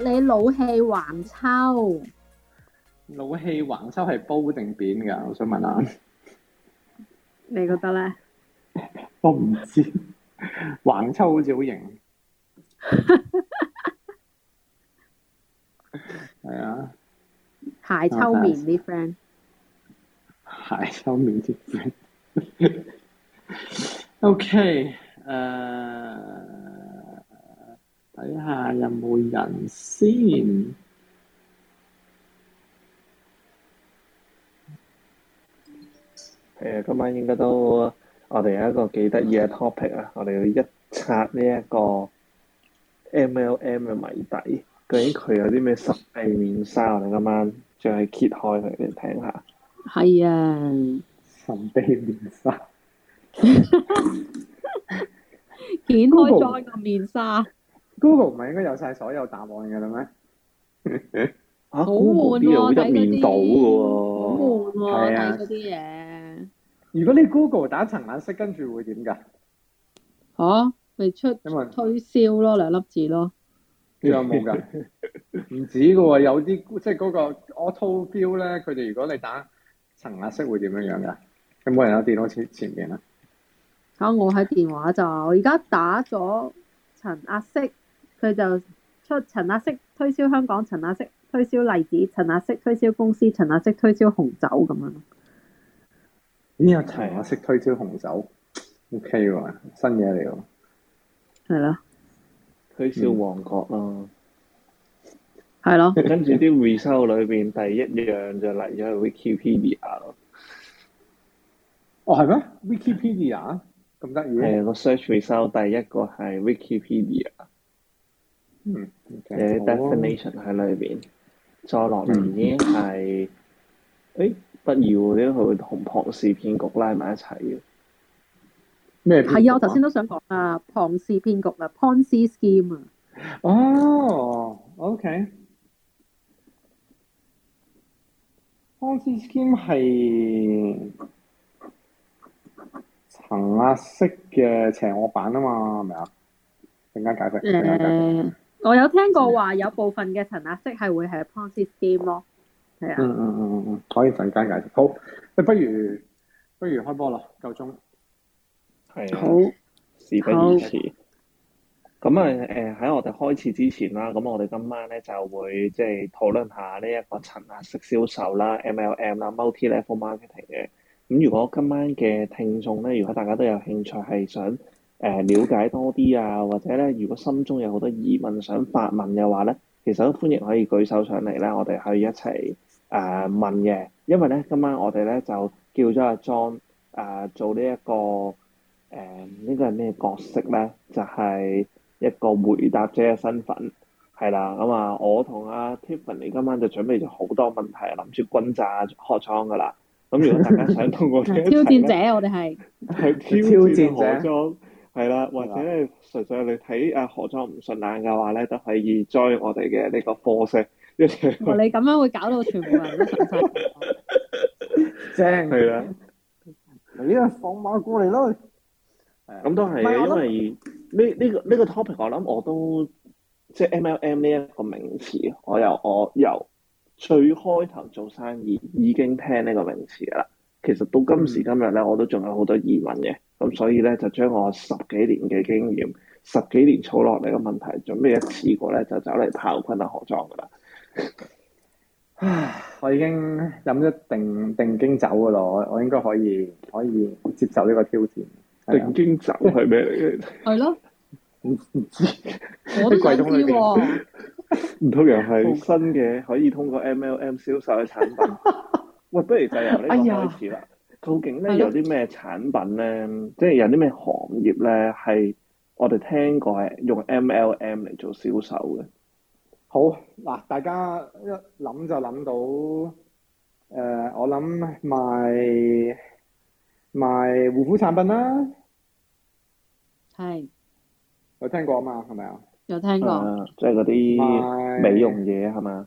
你老氣橫秋，老氣橫秋係煲定扁噶？我想問下，你覺得咧？我唔知，橫秋好似好型，係啊，鞋秋面啲 friend，鞋秋面啲 friend，OK，誒。睇下有冇人先。誒，今晚應該都我哋有一個幾得意嘅 topic 啊！我哋要一拆呢一個 MLM 嘅謎底，究竟佢有啲咩神秘面紗？我哋今晚仲係揭開佢俾你聽下。係啊！神秘面紗，掀開咗個面紗。Google 唔係應該有晒所有答案噶啦咩？ 啊，面好悶喎、啊，睇嗰啲好悶喎，睇嗰啲嘢。如果你 Google 打層壓式，跟住會點噶？吓、啊，未出咁因為 推銷咯，兩粒字咯。 有冇噶？唔止噶喎，有啲即係嗰個 auto fill 咧。佢哋如果你打層壓式會點樣樣噶？有冇人喺電腦前前邊啊？啊，我喺電話就，我而家打咗層壓式。佢就出陳亞飾推銷香港，陳亞飾推銷例子，陳亞飾推銷公司，陳亞飾推銷紅酒咁樣呢，咦？有、哎、陳亞飾推銷紅酒？O K 喎，的 okay, 新嘢嚟喎。係咯的。推銷旺角咯。係咯。跟住啲 r e s l 收裏邊，第一樣就嚟咗、 哦、Wikipedia 咯。 哇、嗯！係咩？Wikipedia 咁得意？係啊，search r e s l 收第一個係 Wikipedia。嘅 Okay, definition 喺的裏邊，再落嚟呢係，誒、嗯欸，不要你去同龐氏騙局拉埋一齊嘅咩？係啊，我頭先都想講啊，龐氏騙局啊 Ponzi scheme 啊。哦 OK Ponzi scheme 係層壓式嘅邪惡版啊嘛，係咪啊？陣間解釋，陣間解釋。嗯我有聽過話，有部分嘅層壓式係會係 Ponzi scheme 咯，係啊。嗯嗯嗯嗯嗯，可以陣間解釋。好，誒不如不如開波啦，夠鐘。係的。好，事不宜遲。咁啊誒喺我哋開始之前啦，咁我哋今晚咧就會即係討論下呢一個層壓式銷售啦、MLM 啦、multi-level marketing 嘅。咁如果今晚嘅聽眾咧，如果大家都有興趣係想，誒、呃、了解多啲啊，或者咧，如果心中有好多疑問想發問嘅話咧，其實都歡迎可以舉手上嚟咧，我哋可以一齊誒、呃、問嘅。因為咧，今晚我哋咧就叫咗阿 John 誒、呃、做呢、這、一個誒呢、呃這個係咩角色咧？就係、是、一個回答者嘅身份，係啦。咁啊，我同阿 Tiffany 今晚就準備咗好多問題，諗住轟炸學裝㗎啦。咁如果大家想通過挑戰者，我哋係係挑戰學的裝。係啦，或者純粹你睇啊何裝唔順眼嘅話咧，都可以追我哋嘅呢個課程。哦，你咁樣會搞到全部人正。係啦，呢個放馬過嚟咯。咁 都係嘅，是因為呢、這、呢個呢、這個這個 topic，我諗我都即係 M L M 呢一個名詞，我由我由最開頭做生意已經聽呢個名詞啦。其實到今時今日咧，我都仲有好多疑問嘅。咁所以咧，就將我十幾年嘅經驗、十幾年儲落嚟嘅問題，準備一次過咧、啊，就走嚟炮轟阿何莊噶啦！唉 我已經飲咗定定經酒噶咯，我我應該可以可以接受呢個挑戰。 定經酒係咩嚟？係咯，唔知。啲櫃桶裏面，唔通、 啊、 又係新嘅，可以通過 MLM 銷售嘅產品。喂， 不如就由呢個開始啦。哎究竟咧，有啲咩產品咧？即係有啲咩行業咧係我哋聽過係用 MLM 嚟做銷售嘅？好嗱，大家一諗就諗到，誒，我諗賣賣護膚產品啦，係有聽過啊嘛，係咪啊？有聽過，即係嗰啲美容嘢係嘛？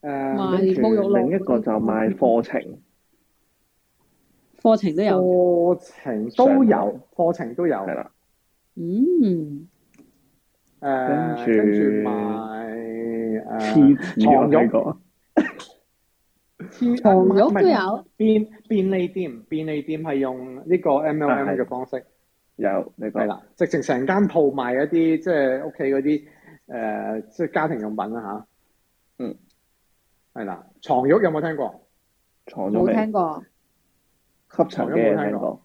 誒、嗯，跟住另一個就賣課程，課程都有，課程都有，課程都有係啦。嗯、誒、呃，跟住賣誒，長、呃、肉，長肉都有。便便利店，便利店係用呢個 MLM 嘅方式有，係啦，直情成間鋪賣一啲即係屋企嗰啲誒，即係家庭用品啦吓，嗯。嗯係啦，床褥有冇聽過？床褥冇聽過。吸塵機冇聽過。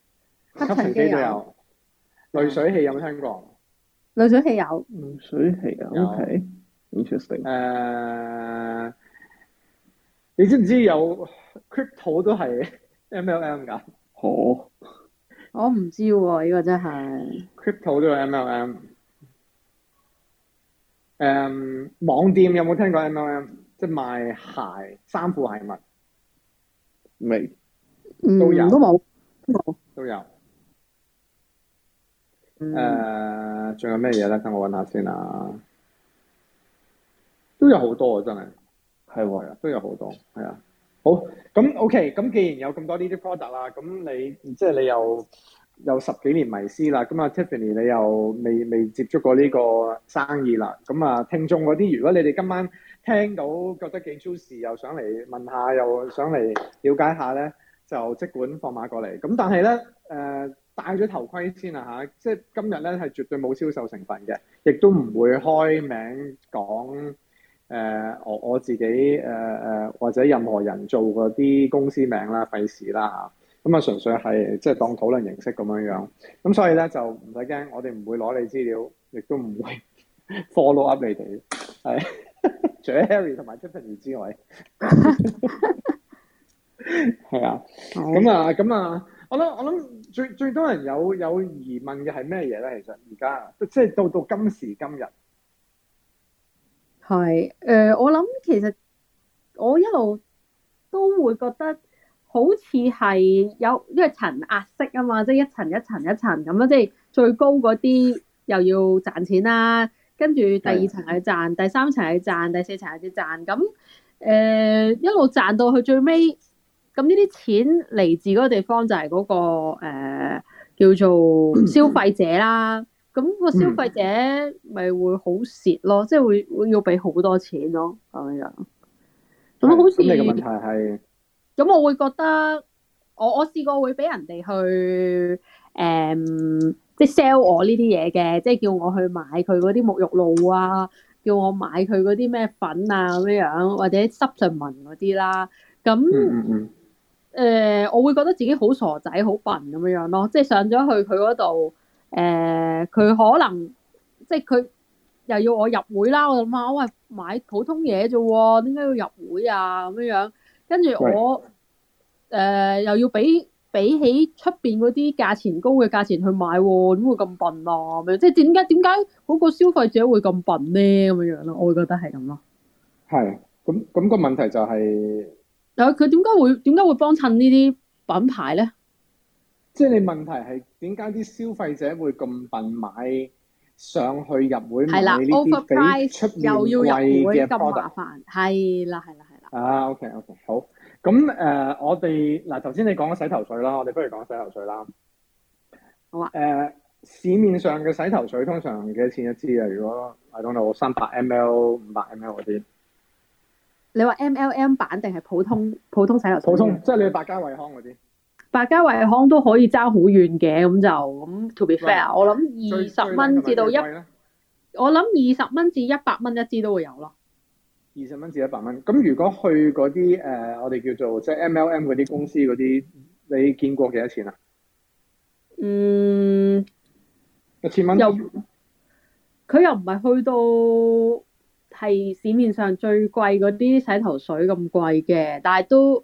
有有聽過吸塵機都有。濾水器有冇聽過？濾水器有。濾水器有。OK，interesting。誒、uh,，你知唔知有 crypto 都係 M L M 㗎？Oh, 我我唔知喎、啊，呢、這個真係。crypto 都有 M L M、um,。誒，網店有冇聽過、ML、M L M？即係賣鞋、衫褲、鞋襪冇，未？嗯，都冇，冇都有。誒，仲有咩嘢咧？等、嗯 uh, 我揾下先啊！都有好多啊，真係係喎，呀，都有好多，係啊、啊。好，咁 OK，咁既然有咁多呢啲 product 啦，咁你即係你有。有十幾年迷思啦，咁啊 Tiffany 你又未未接觸過呢個生意啦，咁啊聽眾嗰啲，如果你哋今晚聽到覺得幾 juicy，又想嚟問下，又想嚟了解下咧，就即管放馬過嚟。咁但係咧，誒、呃、戴咗頭盔先啊吓，即係今日咧係絕對冇銷售成分嘅，亦都唔會開名講誒我我自己誒誒、呃、或者任何人做嗰啲公司名啦，費事啦嚇。啊。咁啊，純粹係即係當討論形式咁樣樣，咁所以咧就唔使驚，我哋唔會攞你資料，亦都唔會 follow up 你哋。係，除咗 Harry 同埋 Tiffany 之外，係啊。咁啊，咁啊、嗯，我諗我諗最最多人有有疑問嘅係咩嘢咧？其實而家即係到到今時今日，係誒、呃，我諗其實我一路都會覺得。好似係有因為層壓式啊嘛，即係一層一層一層咁咯，即係最高嗰啲又要賺錢啦，跟住第二層係賺，第三層係賺，第四層係賺，咁誒一路賺到去最尾，咁呢啲錢嚟自嗰個地方就係嗰個誒叫做消費者啦。咁 個消費者咪會好蝕咯，即係 會會要俾好多錢咯咁樣。咁是好似你嘅問題係？咁我會覺得，我我試過會俾人哋去，誒、嗯，即係 sell 我呢啲嘢嘅，即係叫我去買佢嗰啲沐浴露啊，叫我買佢嗰啲咩粉啊咁樣，或者 supplement 嗰啲啦。咁，誒、嗯嗯嗯呃，我會覺得自己好傻仔，好笨咁樣樣咯。即係上咗去佢嗰度，誒、呃，佢可能，即係佢又要我入會啦。我就諗下，喂，買普通嘢啫，點解要入會啊？咁樣。跟住我，誒、呃、又要比比起出邊嗰啲價錢高嘅價錢去買，點會咁笨啊？即係點解點解嗰個消費者會咁笨咧？咁樣樣咯，我會覺得係咁咯。係，咁咁、嗰個問題就係、是，啊佢點解會點解會幫襯呢啲品牌咧？即係你問題係點解啲消費者會咁笨買上去入會買呢啲的比出面貴嘅 product？又要入會咁麻煩，係啦，係啦，係。啊、ah,，OK OK，好。咁誒，我哋嗱頭先你講咗洗頭水啦，我哋不如講洗頭水啦。Uh, 好啊。誒，市面上嘅洗頭水通常幾多錢一支啊？如果 i don't know，三百 mL, ml、五百 mL 嗰啲，你話 MLM 版定係普通普通洗頭水？普通即係你百佳惠康嗰啲。百佳惠康都可以爭好遠嘅，咁就咁 to be fair 喂。我諗二十蚊至到一，我諗二十蚊至一百蚊一支都會有咯。二十蚊至一百蚊，咁如果去嗰啲誒，我哋叫做即係 MLM 嗰啲公司嗰啲，你見過幾多錢啊？嗯，一千蚊。又佢又唔係去到係市面上最貴嗰啲洗頭水咁貴嘅，但係都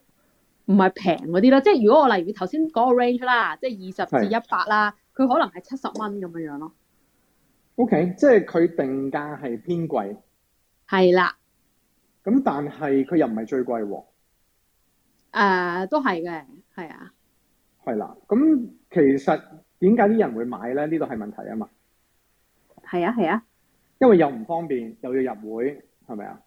唔係平嗰啲啦。即係如果我例如頭先嗰個 range 啦，即係二十至一百啦，佢的可能係七十蚊咁樣樣咯。OK，即係佢定價係偏貴，係啦。Okay, 咁但係佢又唔係最貴喎，誒，都係嘅，係啊，係啦。咁其實點解啲人會買咧？呢度係問題啊嘛。係啊，係啊，因為又唔方便，又要入會，係咪啊？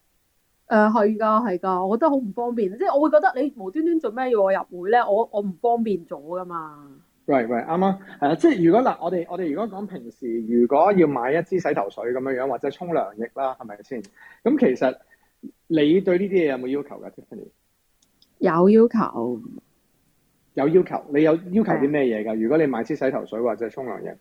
誒，係個係個，我覺得好唔方便。即係我會覺得你無端端做咩要我入會咧？我我唔方便咗噶嘛。喂，right, right，喂，right 啱啊。係啦，即係如果嗱，我哋我哋如果講平時，如果要買一支洗頭水咁樣樣，或者沖涼液啦，係咪先？咁其實。你對呢啲嘢有冇要求噶？Tiffany，有要求，有要求。你有要求啲咩嘢噶？如果你買支洗頭水或者沖涼液，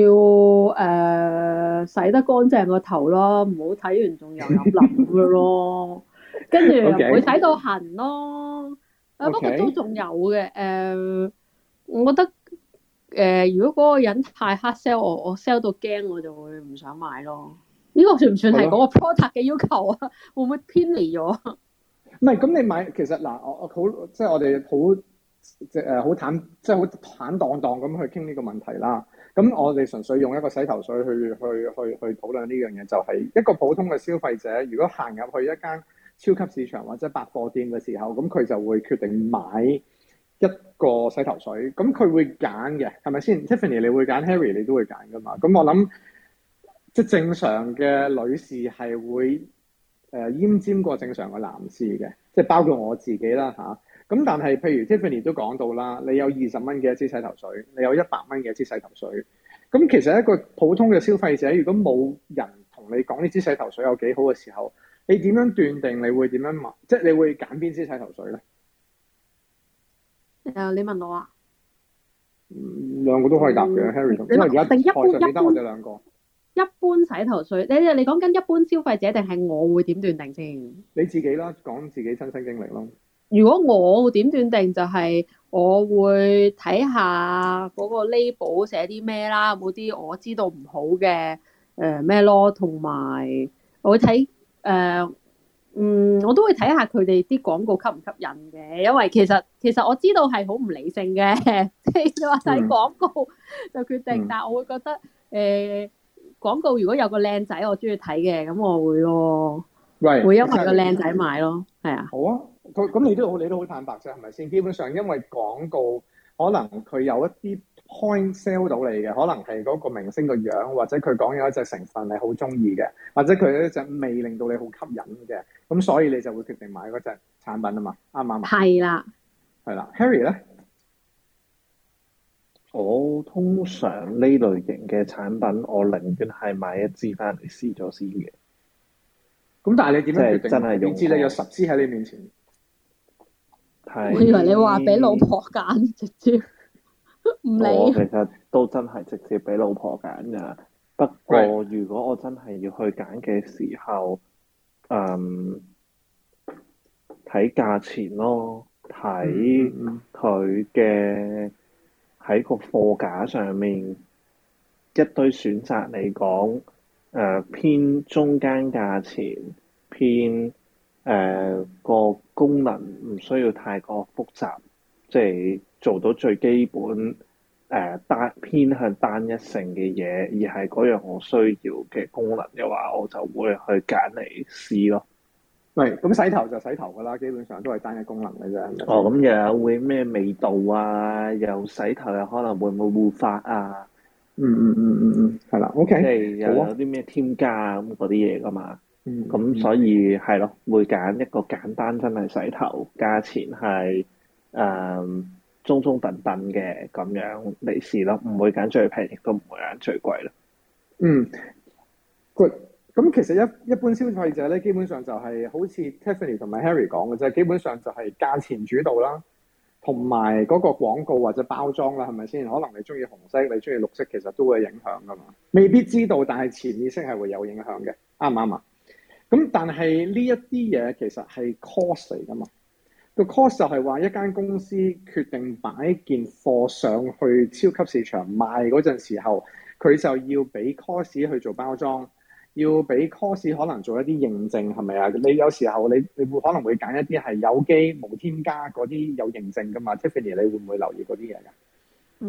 要誒、呃、洗得乾淨個頭咯，唔好洗完仲又有淋噶咯， 跟住又唔會洗到痕咯。Okay. 啊，不過都仲有嘅。誒 Okay.、呃，我覺得誒、呃，如果嗰個人太 hard sell 我，我 sell 到驚，我就會唔想買咯。呢個算唔算係嗰個 product 嘅要求啊？會唔會偏離咗？唔係，咁你買其實嗱，我我好即係我哋好即係好坦即係好坦蕩蕩咁去傾呢個問題啦。咁我哋純粹用一個洗頭水去去去去討論呢樣嘢，就係一個普通嘅消費者，如果行入去一間超級市場或者百貨店嘅時候，咁佢就會決定買一個洗頭水。咁佢會揀嘅係咪先？Tiffany 你會揀 Harry，你都會揀㗎嘛？咁我諗。即係正常嘅女士係會誒奄尖過正常嘅男士嘅，即係包括我自己啦吓，咁、啊、但係，譬如 Tiffany 都講到啦，你有二十蚊嘅一支洗頭水，你有一百蚊嘅一支洗頭水。咁、嗯、其實一個普通嘅消費者，如果冇人同你講呢支洗頭水有幾好嘅時候，你點樣斷定你會點樣買？即係你會揀邊支洗頭水咧？啊、呃！你問我啊？嗯、兩個都可以答嘅、嗯、Harry 因為而家，台上你得我哋兩個。一般洗頭水，你你你講緊一般消費者定係我會點斷定先？你自己啦，講自己親身經歷咯。如果我會點斷定就係、是、我會睇下嗰個 label 寫啲咩啦，冇啲我知道唔好嘅誒咩咯？同、呃、埋我會睇誒、呃，嗯，我都會睇下佢哋啲廣告吸唔吸引嘅，因為其實其實我知道係好唔理性嘅，即係你話睇廣告就決定，嗯、但我會覺得誒。呃廣告如果有個靚仔，我中意睇嘅，咁我會咯、哦，right, 會因為個靚仔買咯，係 Exactly. 啊。好啊，佢咁你都好，你都好坦白啫，係咪先？基本上因為廣告可能佢有一啲 point sell 到你嘅，可能係嗰個明星個樣，或者佢講有一隻成分你好中意嘅，或者佢有一隻味令到你好吸引嘅，咁所以你就會決定買嗰隻產品啊嘛，啱唔啱？係啦，係啦，Harry 咧。我通常呢類型嘅產品，我寧願係買一支翻嚟試咗先嘅。咁但係你點？即係真係用？點知你有十支喺你面前？我以為你話俾老婆揀直接。唔 理、啊，其實都真係直接俾老婆揀噶。不過如果我真係要去揀嘅時候，嗯，睇價錢咯，睇佢嘅。喺個貨架上面一堆選擇嚟講，誒、呃、偏中間價錢，偏誒、呃、個功能唔需要太過複雜，即係做到最基本，誒、呃、單偏向單一性嘅嘢，而係嗰樣我需要嘅功能嘅話，我就會去揀嚟試咯。唔係咁洗頭就洗頭噶啦，基本上都係單一功能嘅啫。哦，咁又有會咩味道啊？又洗頭又可能會唔會護髮啊？嗯嗯嗯嗯嗯，係、嗯、啦、嗯嗯嗯，OK。有啲咩添加啊咁嗰啲嘢噶嘛？咁、嗯、所以係咯，會揀一個簡單真係洗頭，價錢係誒、呃、中中等等嘅咁樣嚟試咯，唔會揀最平，亦都唔會揀最貴咯。嗯、Good. 咁其實一一般消費者咧，基本上就係好似 Tiffany 同埋 Harry 講嘅啫，基本上就係價錢主導啦，同埋嗰個廣告或者包裝啦，係咪先？可能你中意紅色，你中意綠色，其實都會影響㗎嘛。未必知道，但係潛意識係會有影響嘅，啱唔啱啊？咁但係呢一啲嘢其實係 cost 嚟㗎嘛。個 cost 就係話一間公司決定擺件貨上去超級市場賣嗰陣時候，佢就要俾 cost 去做包裝。要俾 cost 可能做一啲認證係咪啊？你有時候你你會可能會揀一啲係有機冇添加嗰啲有認證噶嘛？Tiffany，你會唔會留意嗰啲嘢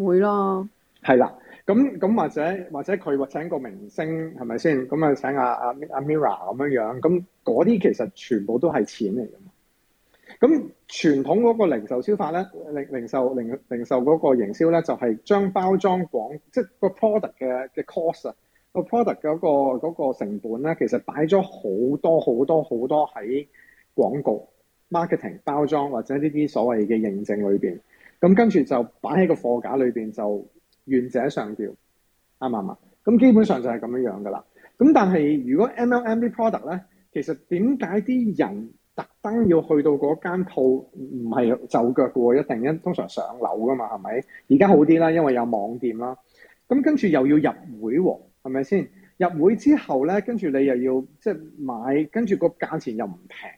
嘅？會啦，係啦。咁咁或者或者佢請個明星係咪先？咁啊請阿阿阿 Mirror 咁樣樣。咁嗰啲其實全部都係錢嚟㗎嘛。咁傳統嗰個零售銷法咧，零零售零零售嗰個營銷咧，就係將包裝廣，即係個 product 嘅嘅 cost 啊。Product 個 product 嘅嗰個成本咧，其實擺咗好多好多好多喺廣告、marketing、包裝或者呢啲所謂嘅認證裏邊，咁跟住就擺喺個貨架裏邊就願者上釣，啱唔啱啊？咁基本上就係咁樣樣噶啦。咁但係如果 MLM 啲 product 咧，其實點解啲人特登要去到嗰間鋪唔係就腳嘅喎？一定因通常上樓噶嘛，係咪？而家好啲啦，因為有網店啦。咁跟住又要入會喎。係咪先入會之後咧，跟住你又要即係、就是、買，跟住個價錢又唔平。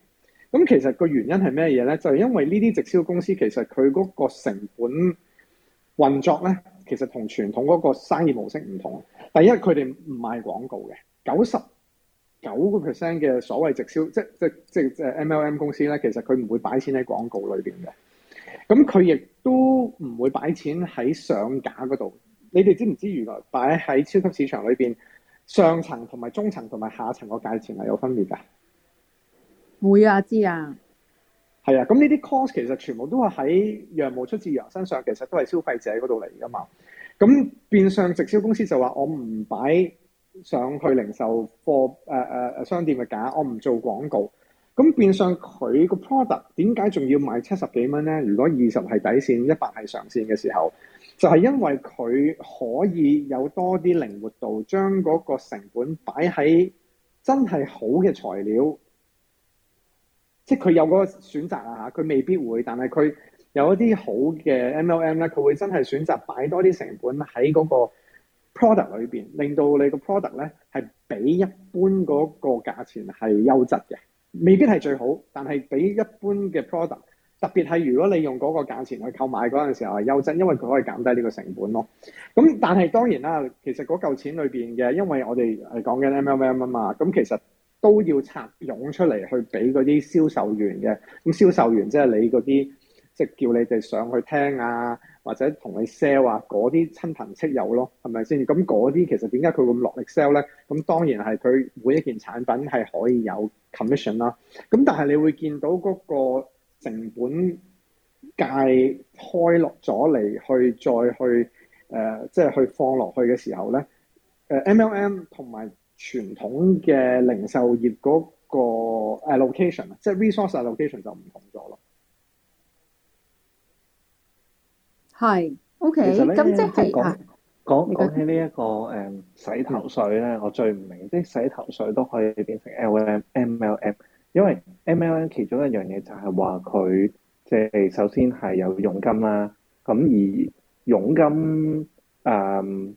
咁、嗯、其實個原因係咩嘢咧？就係因為呢啲直銷公司其實佢嗰個成本運作咧，其實同傳統嗰個生意模式唔同。第一，佢哋唔賣廣告嘅，九十九個 percent 嘅所謂直銷，即係即係即係 MLM 公司咧，其實佢唔會擺錢喺廣告裏邊嘅。咁佢亦都唔會擺錢喺上架嗰度。你哋知唔知原來擺喺超級市場裏邊上層同埋中層同埋下層個價錢係有分別噶？會啊，知啊，係啊。咁呢啲 cost 其實全部都係喺羊毛出自羊身上，其實都係消費者嗰度嚟噶嘛。咁變相直銷公司就話：我唔擺上去零售貨誒誒、啊啊、商店嘅架，我唔做廣告。咁變相佢個 product 點解仲要賣七十幾蚊咧？如果二十係底線，一百係上線嘅時候。就係因為佢可以有多啲靈活度，將嗰個成本擺喺真係好嘅材料，即係佢有嗰個選擇啦嚇，佢未必會，但係佢有一啲好嘅 MLM 咧，佢會真係選擇擺多啲成本喺嗰個 product 裏邊，令到你個 product 咧係比一般嗰個價錢係優質嘅，未必係最好，但係比一般嘅 product。特別係如果你用嗰個價錢去購買嗰陣時候係優質，因為佢可以減低呢個成本咯。咁、嗯、但係當然啦，其實嗰嚿錢裏邊嘅，因為我哋係講緊 MLM 啊嘛，咁、嗯、其實都要拆佣出嚟去俾嗰啲銷售員嘅。咁、嗯、銷售員即係你嗰啲，即係叫你哋上去聽啊，或者同你 sell 啊，嗰啲親朋戚友咯，係咪先？咁嗰啲其實點解佢會落力 sell 咧？咁、嗯、當然係佢每一件產品係可以有 commission 啦。咁、嗯、但係你會見到嗰、嗰個。成本界開落咗嚟，去再去誒、呃，即係去放落去嘅時候咧，誒、呃、MLM 同埋傳統嘅零售業嗰個 allocation 即係 resource allocation 就唔同咗咯。係，OK，咁即係講講起呢、這、一個誒、嗯、洗頭水咧，我最唔明，即係洗頭水都可以變成 L M、ML、M L M。因為 MLM 其中一樣嘢就係話佢即係首先係有佣金啦，咁而佣金誒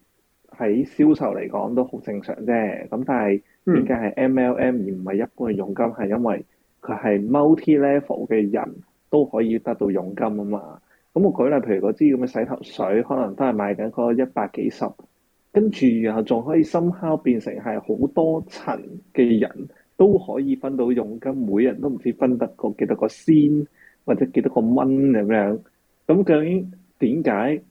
喺銷售嚟講都好正常啫。咁但係點解係 MLM 而唔係一般嘅佣金？係因為佢係 multi level 嘅人都可以得到佣金啊嘛。咁我舉例譬如嗰支咁嘅洗頭水，可能都係賣緊嗰一百幾十，跟住然後仲可以深敲變成係好多層嘅人。都可以分到佣金，每人都唔知分得過個幾多個仙，或者幾多個蚊咁樣。咁究竟點解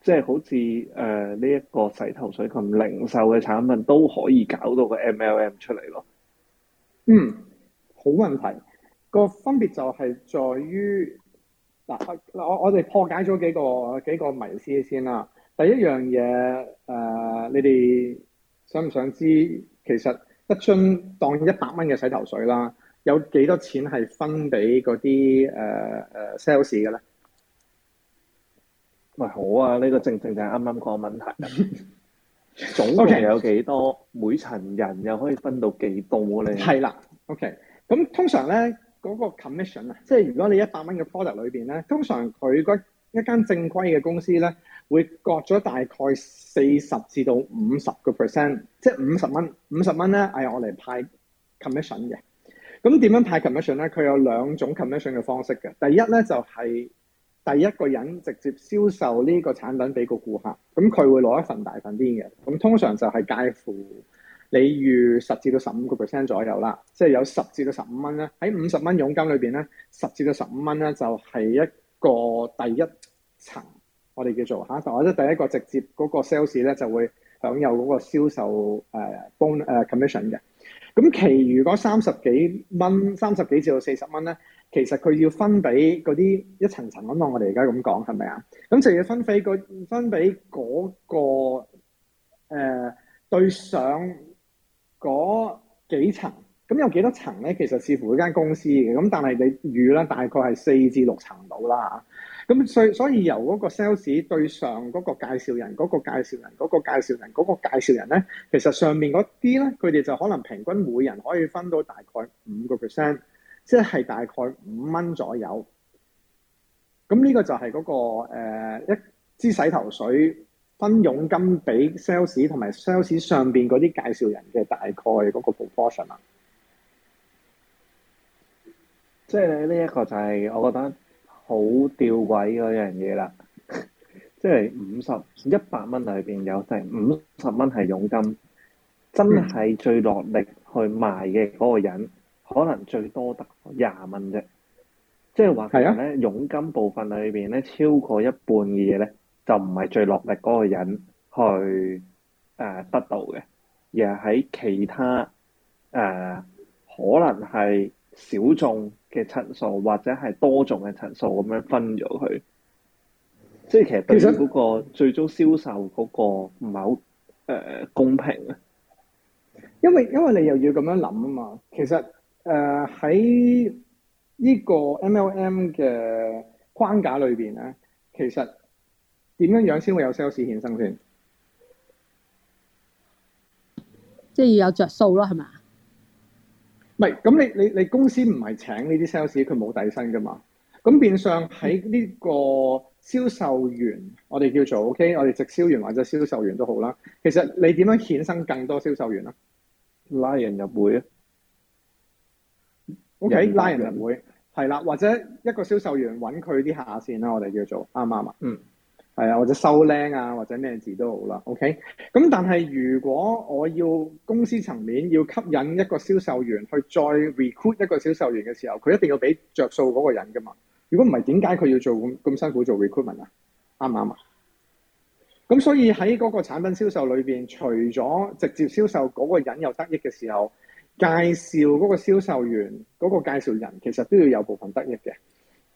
即係好似誒呢一個洗頭水咁零售嘅產品都可以搞到個 MLM 出嚟咯？嗯，好問題。個分別就係在於嗱、啊，我我哋破解咗幾個幾個迷思先啦。第一樣嘢誒、啊，你哋想唔想知其實？一樽當一百蚊嘅洗頭水啦，有幾多錢係分俾嗰啲誒誒 sales 嘅咧？呃、售售呢喂，好啊，呢、這個正正正啱啱個問題。總共有幾多？ Okay. 每層人又可以分到幾多咧？係啦、 嗯、，OK。咁通常咧嗰、那個 commission 啊，即係如果你一百蚊嘅 product 裏邊咧，通常佢一間正規嘅公司咧，會割咗大概四十至到五十個 percent，即係五十蚊。五十蚊咧，係我嚟派 commission 嘅。咁點樣派 commission 咧？佢有兩種 commission 嘅方式嘅。第一咧就係、是、第一個人直接銷售呢個產品俾個顧客，咁佢會攞一份大份啲嘅。咁通常就係介乎你預十至到十五個 percent 左右啦，即係有十至到十五蚊咧。喺五十蚊佣金裏邊咧，十至到十五蚊咧就係、是、一。個第一層，我哋叫做吓，但或者第一個直接嗰個 sales 咧，就會享有嗰個銷售誒 bonus 誒 commission 嘅。咁其餘嗰三十幾蚊、三十幾至到四十蚊咧，其實佢要分俾嗰啲一層層咁，咁我哋而家咁講，係咪啊？咁就要分俾分俾嗰個誒、呃、對上嗰幾層。咁、嗯、有幾多層咧？其實似乎視乎嗰間公司嘅咁、嗯，但係你預啦，大概係四至六層度啦。咁、嗯、所以，所以由嗰個 sales 對上嗰個介紹人，嗰、那個介紹人，嗰、那個介紹人，嗰、那個、介紹人咧，其實上面嗰啲咧，佢哋就可能平均每人可以分到大概五個 percent，即係大概五蚊左右。咁呢個就係嗰、那個、呃、一支洗頭水分佣金俾 sales 同埋 sales 上邊嗰啲介紹人嘅大概嗰個 proportion 啦。即係呢一個就係我覺得好吊詭嗰樣嘢啦。即係五十一百蚊裏邊有成五十蚊係佣金，真係最落力去賣嘅嗰個人，可能最多得廿蚊啫。即係話其實咧，啊、佣金部分裏邊咧，超過一半嘅嘢咧，就唔係最落力嗰個人去誒、呃、得到嘅，而係喺其他誒、呃、可能係小眾。嘅層數或者係多種嘅層數咁樣分咗佢，即係其實其實嗰個最終銷售嗰個唔係好誒公平啊。因為因為你又要咁樣諗啊嘛，其實誒喺呢個、ML、M L M 嘅框架裏邊咧，其實點樣樣先會有 sales 現身先，即係要有着數咯，係咪？唔係，咁你你你公司唔係請呢啲 sales，佢冇底薪㗎嘛？咁變相喺呢個銷售員，我哋叫做 OK，我哋直銷員或者銷售員都好啦。其實你點樣衍生更多銷售員啊？拉 OK, 人入會啊？OK，拉人入會係啦，或者一個銷售員揾佢啲下線啦、啊，我哋叫做啱唔啱啊？嗯。係啊，或者收僆啊，或者咩字都好啦。OK，咁但係如果我要公司層面要吸引一個銷售員去再 recruit 一個銷售員嘅時候，佢一定要俾着數嗰個人噶嘛？如果唔係，點解佢要做咁咁辛苦做 recruitment 啊？啱唔啱啊？咁所以喺嗰個產品銷售裏邊，除咗直接銷售嗰個人有得益嘅時候，介紹嗰個銷售員，嗰個介紹人其實都要有部分得益嘅。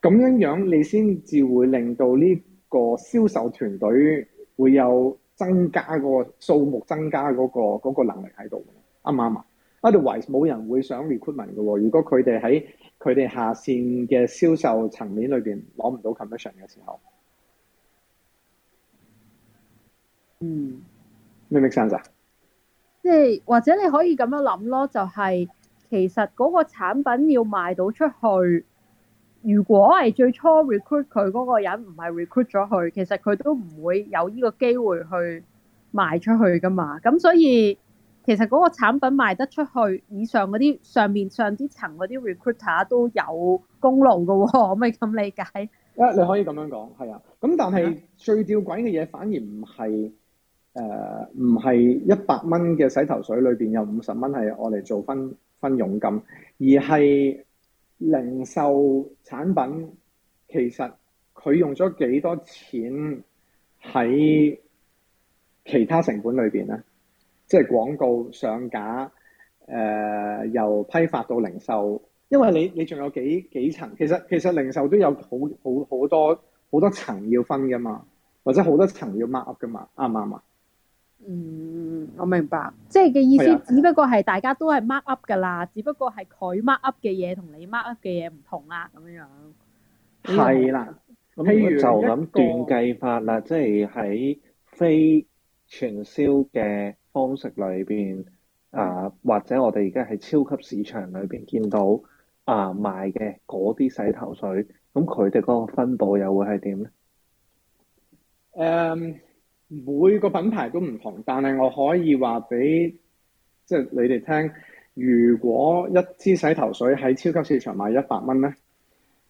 咁樣樣你先至會令到呢？個銷售團隊會有增加個數目、增加嗰個嗰個能力喺度，啱唔啱啊？Otherwise 冇人會想 recruitment 嘅喎。如果佢哋喺佢哋下線嘅銷售層面裏邊攞唔到 commission 嘅時候，嗯你，make sense 啊、即係？即係或者你可以咁樣諗咯，就係、係、其實嗰個產品要賣到出去。如果係最初 recruit 佢嗰個人唔係 recruit 咗佢，其實佢都唔會有呢個機會去賣出去㗎嘛。咁所以其實嗰個產品賣得出去，以上嗰啲上面上啲層嗰啲 recruiter 都有功勞㗎喎、哦。可唔可以咁理解？啊，yeah, 你可以咁樣講，係啊。咁但係最吊詭嘅嘢，反而唔係誒，唔係一百蚊嘅洗頭水裏邊有五十蚊係我哋做分分佣金，而係。零售產品其實佢用咗幾多錢喺其他成本裏邊咧？即係廣告、上架，誒、呃、由批發到零售，因為你你仲有幾幾層，其實其實零售都有好好好多好多層要分噶嘛，或者好多層要 mark up 噶嘛，啱唔啱啊？嗯，我明白。即係嘅意思的只，只不過係大家都係 mark up 噶啦，只不過係佢 mark up 嘅嘢同你 mark up 嘅嘢唔同啦，咁樣樣。係啦，譬如就咁斷計法啦，個即係喺非傳銷嘅方式裏邊啊、呃，或者我哋而家喺超級市場裏邊見到啊、呃、賣嘅嗰啲洗頭水，咁佢哋嗰個分布又會係點咧？誒。Um, 每個品牌都唔同，但係我可以話俾即係你哋聽，如果一支洗頭水喺超級市場賣一百蚊咧，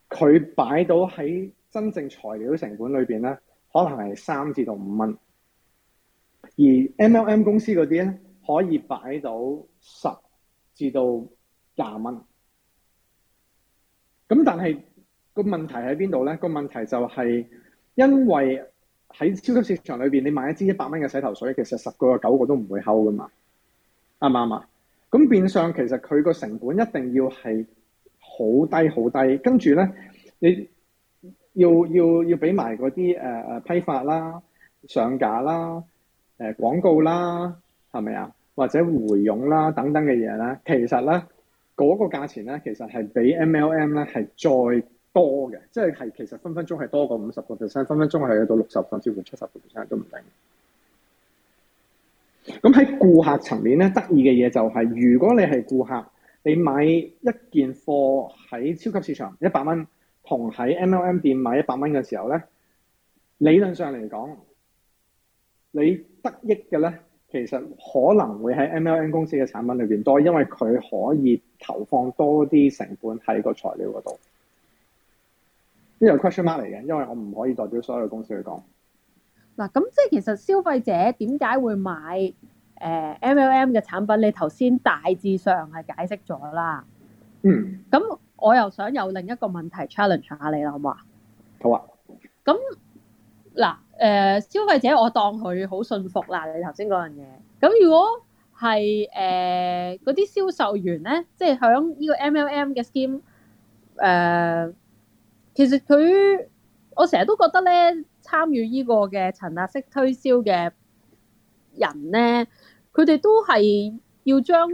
佢擺到喺真正材料成本裏邊咧，可能係三至到五蚊，而 MLM 公司嗰啲咧可以擺到十至到廿蚊。咁但係、個問題喺邊度咧？個問題就係因為。喺超級市場裏邊，你買一支一百蚊嘅洗頭水，其實十個有九個都唔會溝㗎嘛，啱唔啱啊？咁變相其實佢個成本一定要係好低好低，跟住咧你要要要俾埋嗰啲誒誒批發啦、上架啦、誒、呃、廣告啦，係咪啊？或者回傭啦等等嘅嘢咧，其實咧嗰、嗰個價錢咧，其實係比、ML、M L M 咧係再。多嘅，即係其實分分鐘係多過五十個 percent，分分鐘係去到六十甚至乎七十個 percent 都唔定。咁喺顧客層面咧，得意嘅嘢就係，如果你係顧客，你買一件貨喺超級市場一百蚊，同喺 M L M 店買一百蚊嘅時候咧，理論上嚟講，你得益嘅咧，其實可能會喺 M L M 公司嘅產品裏邊多，因為佢可以投放多啲成本喺個材料嗰度。呢個 question mark 嚟嘅，因為我唔可以代表所有嘅公司去講嗱。咁即係其實消費者點解會買誒、呃、M L M 嘅產品？你頭先大致上係解釋咗啦。嗯。咁我又想有另一個問題 challenge 下你啦，好唔好啊？好啊。咁、呃、嗱，誒消費者我當佢好信服啦。你頭先嗰樣嘢咁，如果係誒嗰啲銷售員咧，即係喺呢個、ML、M L M 嘅 scheme 誒、呃。其實佢，我成日都覺得咧，參與呢個嘅層壓式推銷嘅人咧，佢哋都係要將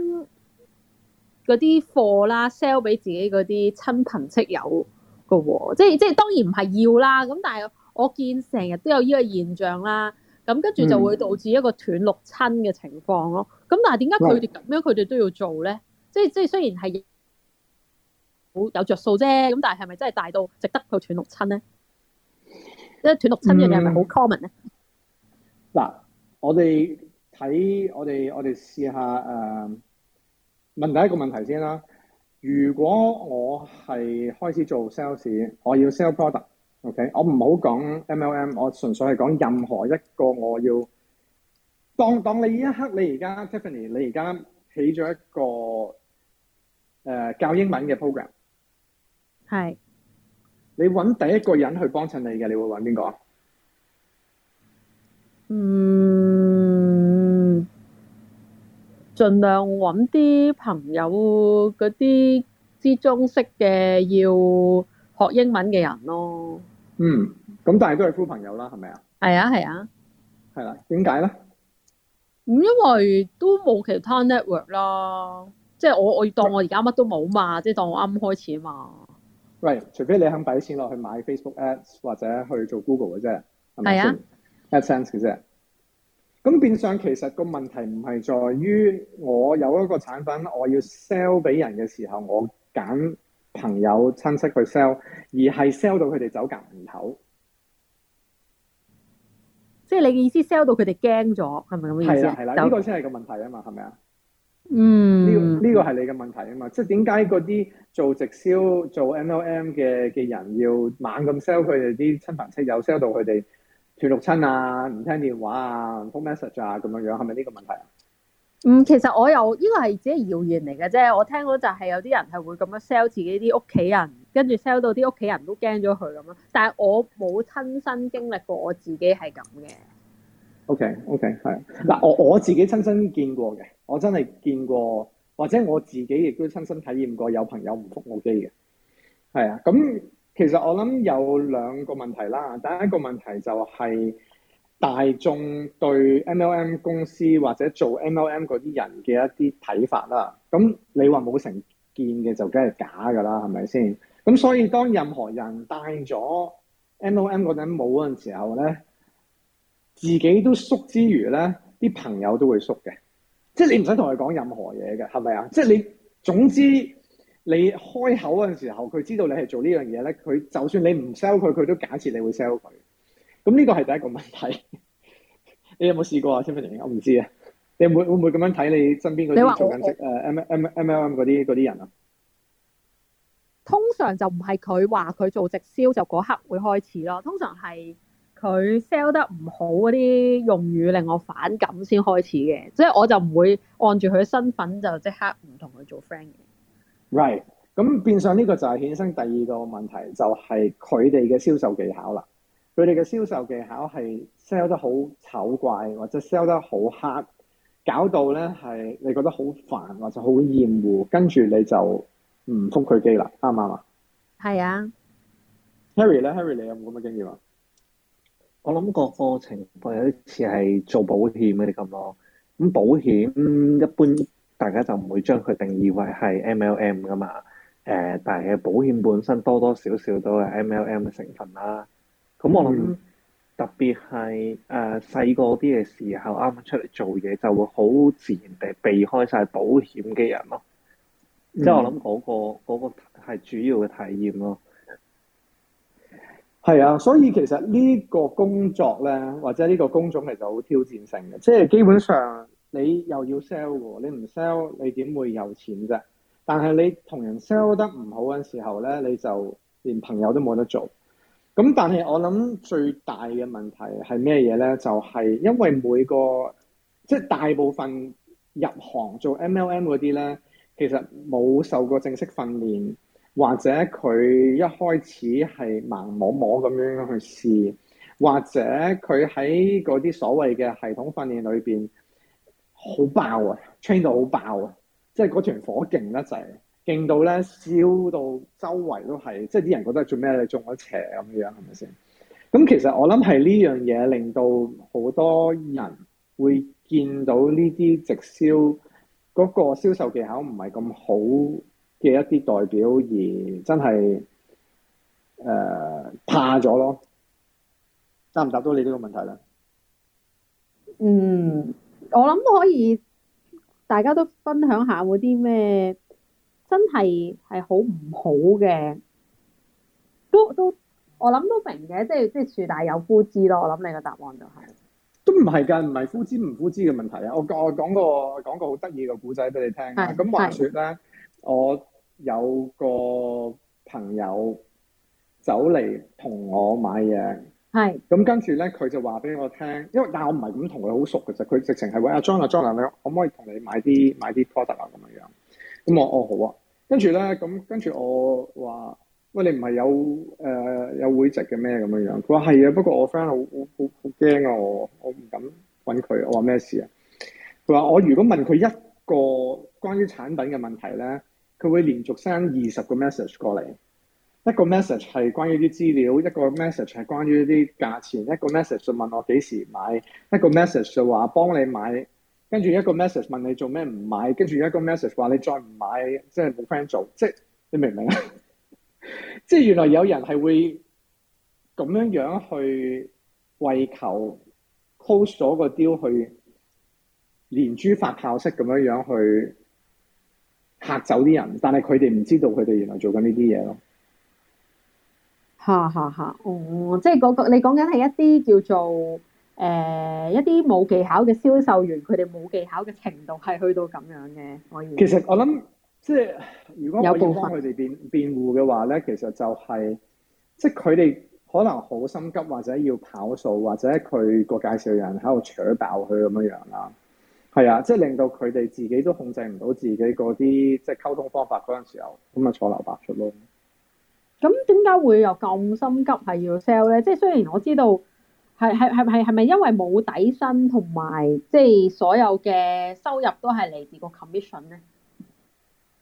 嗰啲貨啦 sell 俾自己嗰啲親朋戚友嘅喎、喔，即係即係當然唔係要啦。咁但係我見成日都有呢個現象啦，咁跟住就會導致一個斷六親嘅情況咯。咁、嗯、但係點解佢哋咁樣佢哋喂都要做咧？即係即係雖然係，好有著數啫，咁但係係咪真係大到值得佢斷六親咧？即係斷六親呢樣嘢係咪好 common 咧？嗱，我哋睇我哋我哋試下誒問第一個問題先啦。如果我係開始做 sales，我要 sell product，OK，我唔好講 MLM，我純粹係講任何一個我要。當當你呢一刻，你而家 Tiffany，你而家起咗一個誒教英文嘅 program。係是你揾第一個人去幫襯你嘅，你會揾邊個？嗯，盡量揾啲朋友嗰啲之中識嘅要學英文嘅人咯。嗯，咁但係都係呼朋友啦，係咪啊？係啊，係啊。係啦，點解咧？咁因為都冇其他 network 啦，即係我我要當我而家乜都冇嘛，即係 當我啱開始啊嘛。r、Right, 除非你肯俾錢落去買 Facebook Ads 或者去做 Google 嘅啫，係咪先？AdSense 嘅啫。咁 Yeah. 變相其實個問題唔係在於我有一個產品，我要 sell 俾人嘅時候，我揀朋友親戚去 sell，而係 sell 到佢哋走隔籬口。即係你嘅意思 sell 到佢哋驚咗，係咪咁意思？係啦，係啦，呢個先係個問題啊嘛，係咪啊？嗯，呢個呢個係你嘅問題啊嘛，即係點解嗰啲做直銷做 MLM 嘅嘅人要猛咁 sell 佢哋啲親朋戚友 sell 到佢哋斷六親啊、唔聽電話啊、唔覆 message 啊咁樣樣，係咪呢個問題啊？嗯，其實我又呢個係只係謠言嚟嘅啫，我聽講就係有啲人係會咁樣 sell 自己啲屋企人，跟住 sell 到啲屋企人都驚咗佢咁樣，但係我冇親身經歷過，我自己係咁嘅。OK，OK，係嗱，okay, okay, yeah. 我我自己親身見過嘅，我真係見過，或者我自己亦都親身體驗過有朋友唔覆我機嘅，係、yeah, 啊、嗯。咁其實我諗有兩個問題啦，第一個問題就係大眾對 MLM 公司或者做 MLM 嗰啲人嘅一啲睇法啦。咁、嗯、你話冇成見嘅就梗係假㗎啦，係咪先？咁、嗯、所以當任何人戴咗 MLM 嗰陣冇嗰陣時候咧。自己都縮之餘咧，啲朋友都會縮嘅，即係你唔使同佢講任何嘢嘅，係咪啊？即係你總之你開口嗰陣時候，佢知道你係做呢樣嘢咧，佢就算你唔 sell 佢，佢都假設你會 sell 佢。咁呢個係第一個問題。你有冇試過啊？陳慧玲，我唔知啊。你會會唔會咁樣睇你身邊嗰啲做緊直誒 M M M M 嗰啲啲人啊？通常就唔係佢話佢做直銷就嗰刻會開始咯，通常係。佢 sell 得唔好嗰啲用語令我反感先開始嘅，即係我就唔會按住佢身份就即刻唔同佢做 friend 嘅。Right，咁變相呢個就係衍生第二個問題，就係佢哋嘅銷售技巧啦。佢哋嘅銷售技巧係 sell 得好醜怪，或者 sell 得好黑，搞到咧係你覺得好煩或者好厭惡，跟住你就唔覆佢機啦。啱唔啱啊？係啊。Harry 咧，Harry 你有冇咁嘅經驗啊？我諗個過程佢好似係做保險嗰啲咁咯，咁保險一般大家就唔會將佢定義為係 MLM 噶嘛，誒、呃，但係保險本身多多少少都係 MLM 嘅成分啦。咁我諗，特別係誒細個啲嘅時候，啱啱出嚟做嘢就會好自然地避開晒保險嘅人咯。即係、嗯、我諗嗰、嗰個嗰、嗰個係主要嘅體驗咯。係啊，所以其實呢個工作咧，或者呢個工種其實好挑戰性嘅，即係基本上你又要 sell 喎，你唔 sell 你點會有錢啫？但係你同人 sell 得唔好嗰陣時候咧，你就連朋友都冇得做。咁但係我諗最大嘅問題係咩嘢咧？就係因為每個即係大部分入行做 MLM 嗰啲咧，其實冇受過正式訓練。或者佢一開始係盲摸摸咁樣去試，或者佢喺嗰啲所謂嘅系統訓練裏邊好爆啊，train 到好爆啊，即係嗰團火勁得滯，勁到咧燒到周圍都係，即係啲人覺得做咩你中咗邪咁樣，係咪先？咁其實我諗係呢樣嘢令到好多人會見到呢啲直銷嗰個銷售技巧唔係咁好。嘅一啲代表而真係誒、呃、怕咗咯，答唔答到你呢個問題咧？嗯，我諗都可以，大家都分享下冇啲咩真係係好唔好嘅，都都我諗都明嘅，即係即係樹大有枯枝咯。我諗你個答案就係，是，都唔係噶，唔係枯枝唔枯枝嘅問題啊！我我講個講個好得意嘅故仔俾你聽。咁話說咧。我有個朋友走嚟同我買嘢，係咁的跟住咧，佢就話俾我聽，因為但係我唔係咁同佢好熟嘅，就佢直情係搵阿 John 阿 John 咁樣，你可唔可以同你買啲買啲 product 啊咁樣樣？咁我哦，好啊。跟住咧，咁跟住我話喂，你唔係有誒、呃、有會籍嘅咩咁樣樣？佢話係啊，不過我 friend 好好好驚啊，我我唔敢搵佢。我話咩事啊？佢話我如果問佢一，個關於產品嘅問題咧，佢會連續 send 二十個 message 過嚟，一個 message 係關於啲資料，一個 message 係關於啲價錢，一個 message 就問我幾時買，一個 message 就話幫你買，跟住一個 message 問你做咩唔買，跟住一個 message 話你再唔買，即係冇 friend 做，即係你明唔明啊？ 即係原來有人係會咁樣樣去為求 close 咗個 deal 去。連珠發炮式咁樣樣去吓走啲人，但係佢哋唔知道佢哋原來做緊呢啲嘢咯。吓吓吓，哦，即係、嗰個你講緊係一啲叫做誒、呃、一啲冇技巧嘅銷售員，佢哋冇技巧嘅程度係去到咁樣嘅。我以其實我諗，即係如果有部分佢哋辯辯護嘅話咧，其實就係、是、即係佢哋可能好心急，或者要跑數，或者佢個介紹人喺度吹爆佢咁樣樣啦。係啊，即係令到佢哋自己都控制唔到自己嗰啲即係溝通方法嗰陣時候，咁啊坐漏白出錯漏百出咯。咁點解會有咁心急係要 sell 咧？即係雖然我知道係係係係係咪因為冇底薪同埋即係所有嘅收入都係嚟自個 commission 咧？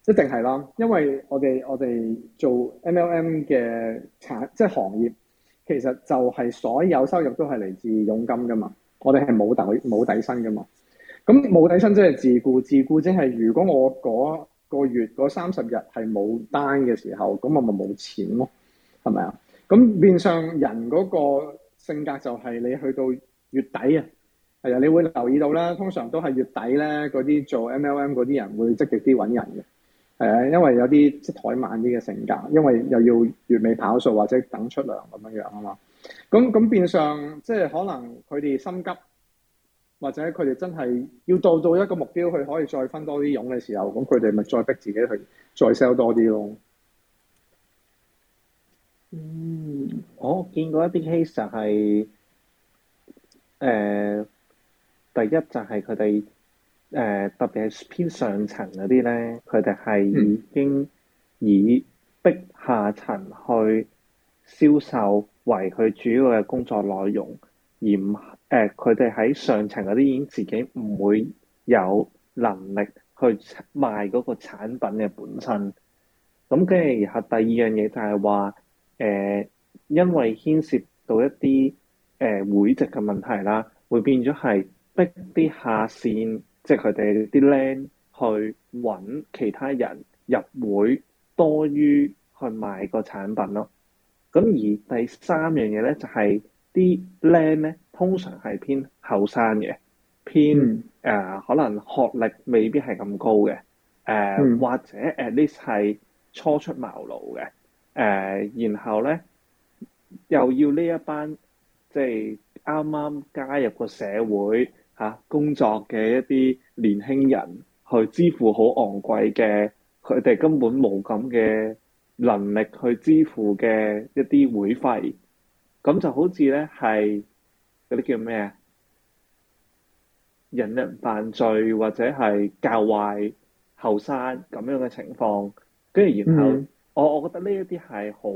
一定係啦，因為我哋我哋做 MLM 嘅產即係行業，其實就係所有收入都係嚟自佣金噶嘛。我哋係冇底冇底薪噶嘛。咁冇底薪即係自僱，自僱即係如果我嗰個月嗰三十日係冇單嘅時候，咁我咪冇錢咯，係咪啊？咁變相人嗰個性格就係你去到月底啊，係啊，你會留意到啦。通常都係月底咧，嗰啲做 MLM 嗰啲人會積極啲搵人嘅，係啊，因為有啲即係怠慢啲嘅性格，因為又要月尾跑數或者等出糧咁樣樣啊嘛。咁咁變相即係可能佢哋心急。或者佢哋真係要做到一個目標，佢可以再分多啲傭嘅時候，咁佢哋咪再逼自己去再 sell 多啲咯。嗯，我見過一啲 case 係、就是，誒、呃，第一就係佢哋，誒、呃、特別係偏上層嗰啲咧，佢哋係已經以逼下層去銷售為佢主要嘅工作內容。而誒，佢哋喺上層嗰啲已經自己唔會有能力去賣嗰個產品嘅本身。咁跟住然後第二樣嘢就係話誒，因為牽涉到一啲誒會籍嘅問題啦，會變咗係逼啲下線，即係佢哋啲僆去揾其他人入會多於去賣個產品咯。咁而第三樣嘢咧就係、是。啲僆咧通常係偏後生嘅，偏誒、嗯呃、可能學歷未必係咁高嘅，誒、呃嗯、或者 at least 係初出茅廬嘅，誒、呃、然後咧又要呢一班即係啱啱加入個社會嚇、啊、工作嘅一啲年輕人去支付好昂貴嘅，佢哋根本冇咁嘅能力去支付嘅一啲會費。咁就好似咧，係嗰啲叫咩啊？引人，人犯罪或者係教壞後生咁樣嘅情況，跟住然後，然後、嗯、我我覺得呢一啲係好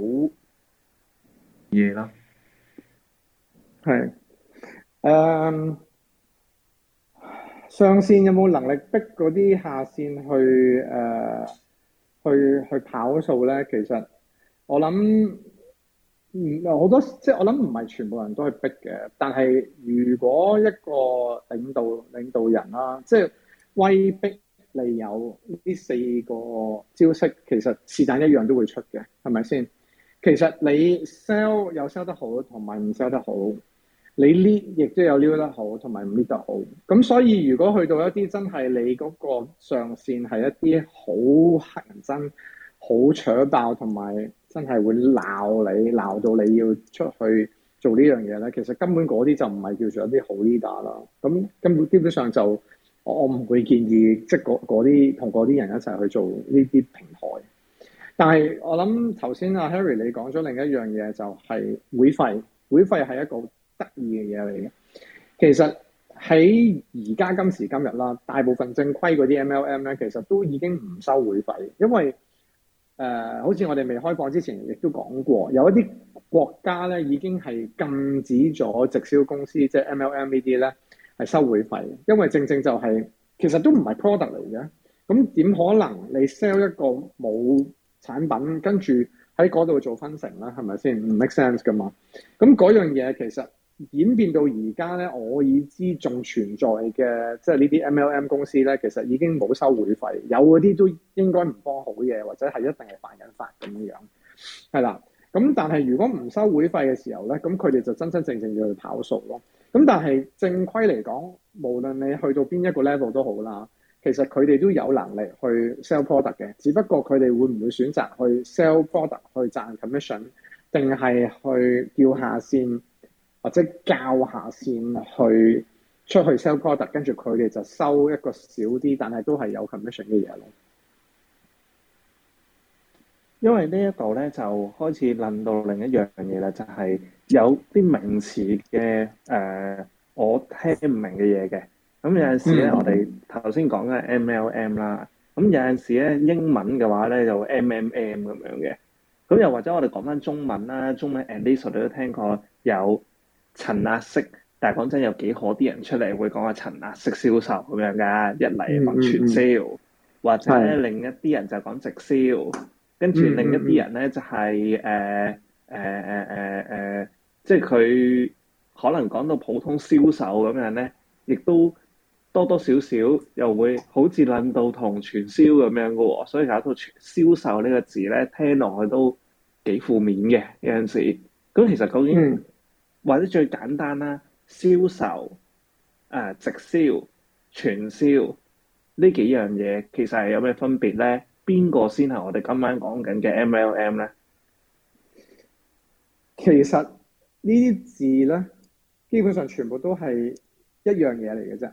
嘢囉。係，誒、嗯、上線有冇能力逼嗰啲下線去誒、呃、去去跑數咧？其實我諗。嗯，好多即係我諗唔係全部人都係逼嘅，但係如果一個領導領導人啦、啊，即係威逼利誘呢四個招式，其實是但一樣都會出嘅，係咪先？其實你 sell 有 sell 得好，同埋唔 sell 得好，你 lift 亦都有 lift 得好，同埋唔 lift 得好。咁所以如果去到一啲真係你嗰個上線係一啲好乞人憎、好扯爆同埋。真係會鬧你，鬧到你要出去做呢樣嘢咧。其實根本嗰啲就唔係叫做一啲好 leader 啦。咁根本基本上就我唔會建議，即係嗰啲同嗰啲人一齊去做呢啲平台。但係我諗頭先阿 Harry 你講咗另一樣嘢，就係會費。會費係一個得意嘅嘢嚟嘅。其實喺而家今時今日啦，大部分正規嗰啲 MLM 咧，其實都已經唔收會費，因為誒、呃，好似我哋未開放之前，亦都講過，有一啲國家咧已經係禁止咗直銷公司，即係 ML MLM 呢啲咧係收會費，因為正正就係、是、其實都唔係 product 嚟嘅，咁點可能你 sell 一個冇產品，跟住喺嗰度做分成啦，係咪先？唔 make sense 噶嘛，咁嗰樣嘢其實。演變到而家咧，我已知仲存在嘅，即係呢啲 MLM 公司咧，其實已經冇收會費，有嗰啲都應該唔多好嘢，或者係一定係犯緊法咁樣樣，係啦。咁但係如果唔收會費嘅時候咧，咁佢哋就真真正正要去跑數咯。咁但係正規嚟講，無論你去到邊一個 level 都好啦，其實佢哋都有能力去 sell product 嘅，只不過佢哋會唔會選擇去 sell product 去賺 commission，定係去叫下線？或者教下先去出去 sell product 跟住佢哋就收一個少啲，但係都係有 commission 嘅嘢咯。因為呢一度咧就開始論到另一樣嘢啦，就係、是、有啲名詞嘅誒、呃，我聽唔明嘅嘢嘅。咁有陣時咧，mm hmm. 我哋頭先講嘅 MLM 啦，咁有陣時咧英文嘅話咧就 MMM 咁樣嘅。咁又或者我哋講翻中文啦，中文 analysis 都聽過有。層壓式，但係講真，有幾可啲人出嚟會講下層壓式銷售咁樣噶，一嚟講傳銷，嗯嗯、或者另一啲人就係講直銷，嗯、跟住另一啲人咧就係誒誒誒誒誒，即係佢可能講到普通銷售咁樣咧，亦都多多少少又會好似諗到同傳銷咁樣噶喎，所以搞到銷售呢個字咧，聽落去都幾負面嘅有陣時。咁其實究竟、嗯？或者最簡單啦，銷售、誒、呃、直銷、傳銷呢幾樣嘢，其實係有咩分別咧？邊個先係我哋今晚講緊嘅 MLM 咧？其實呢啲字咧，基本上全部都係一樣嘢嚟嘅啫。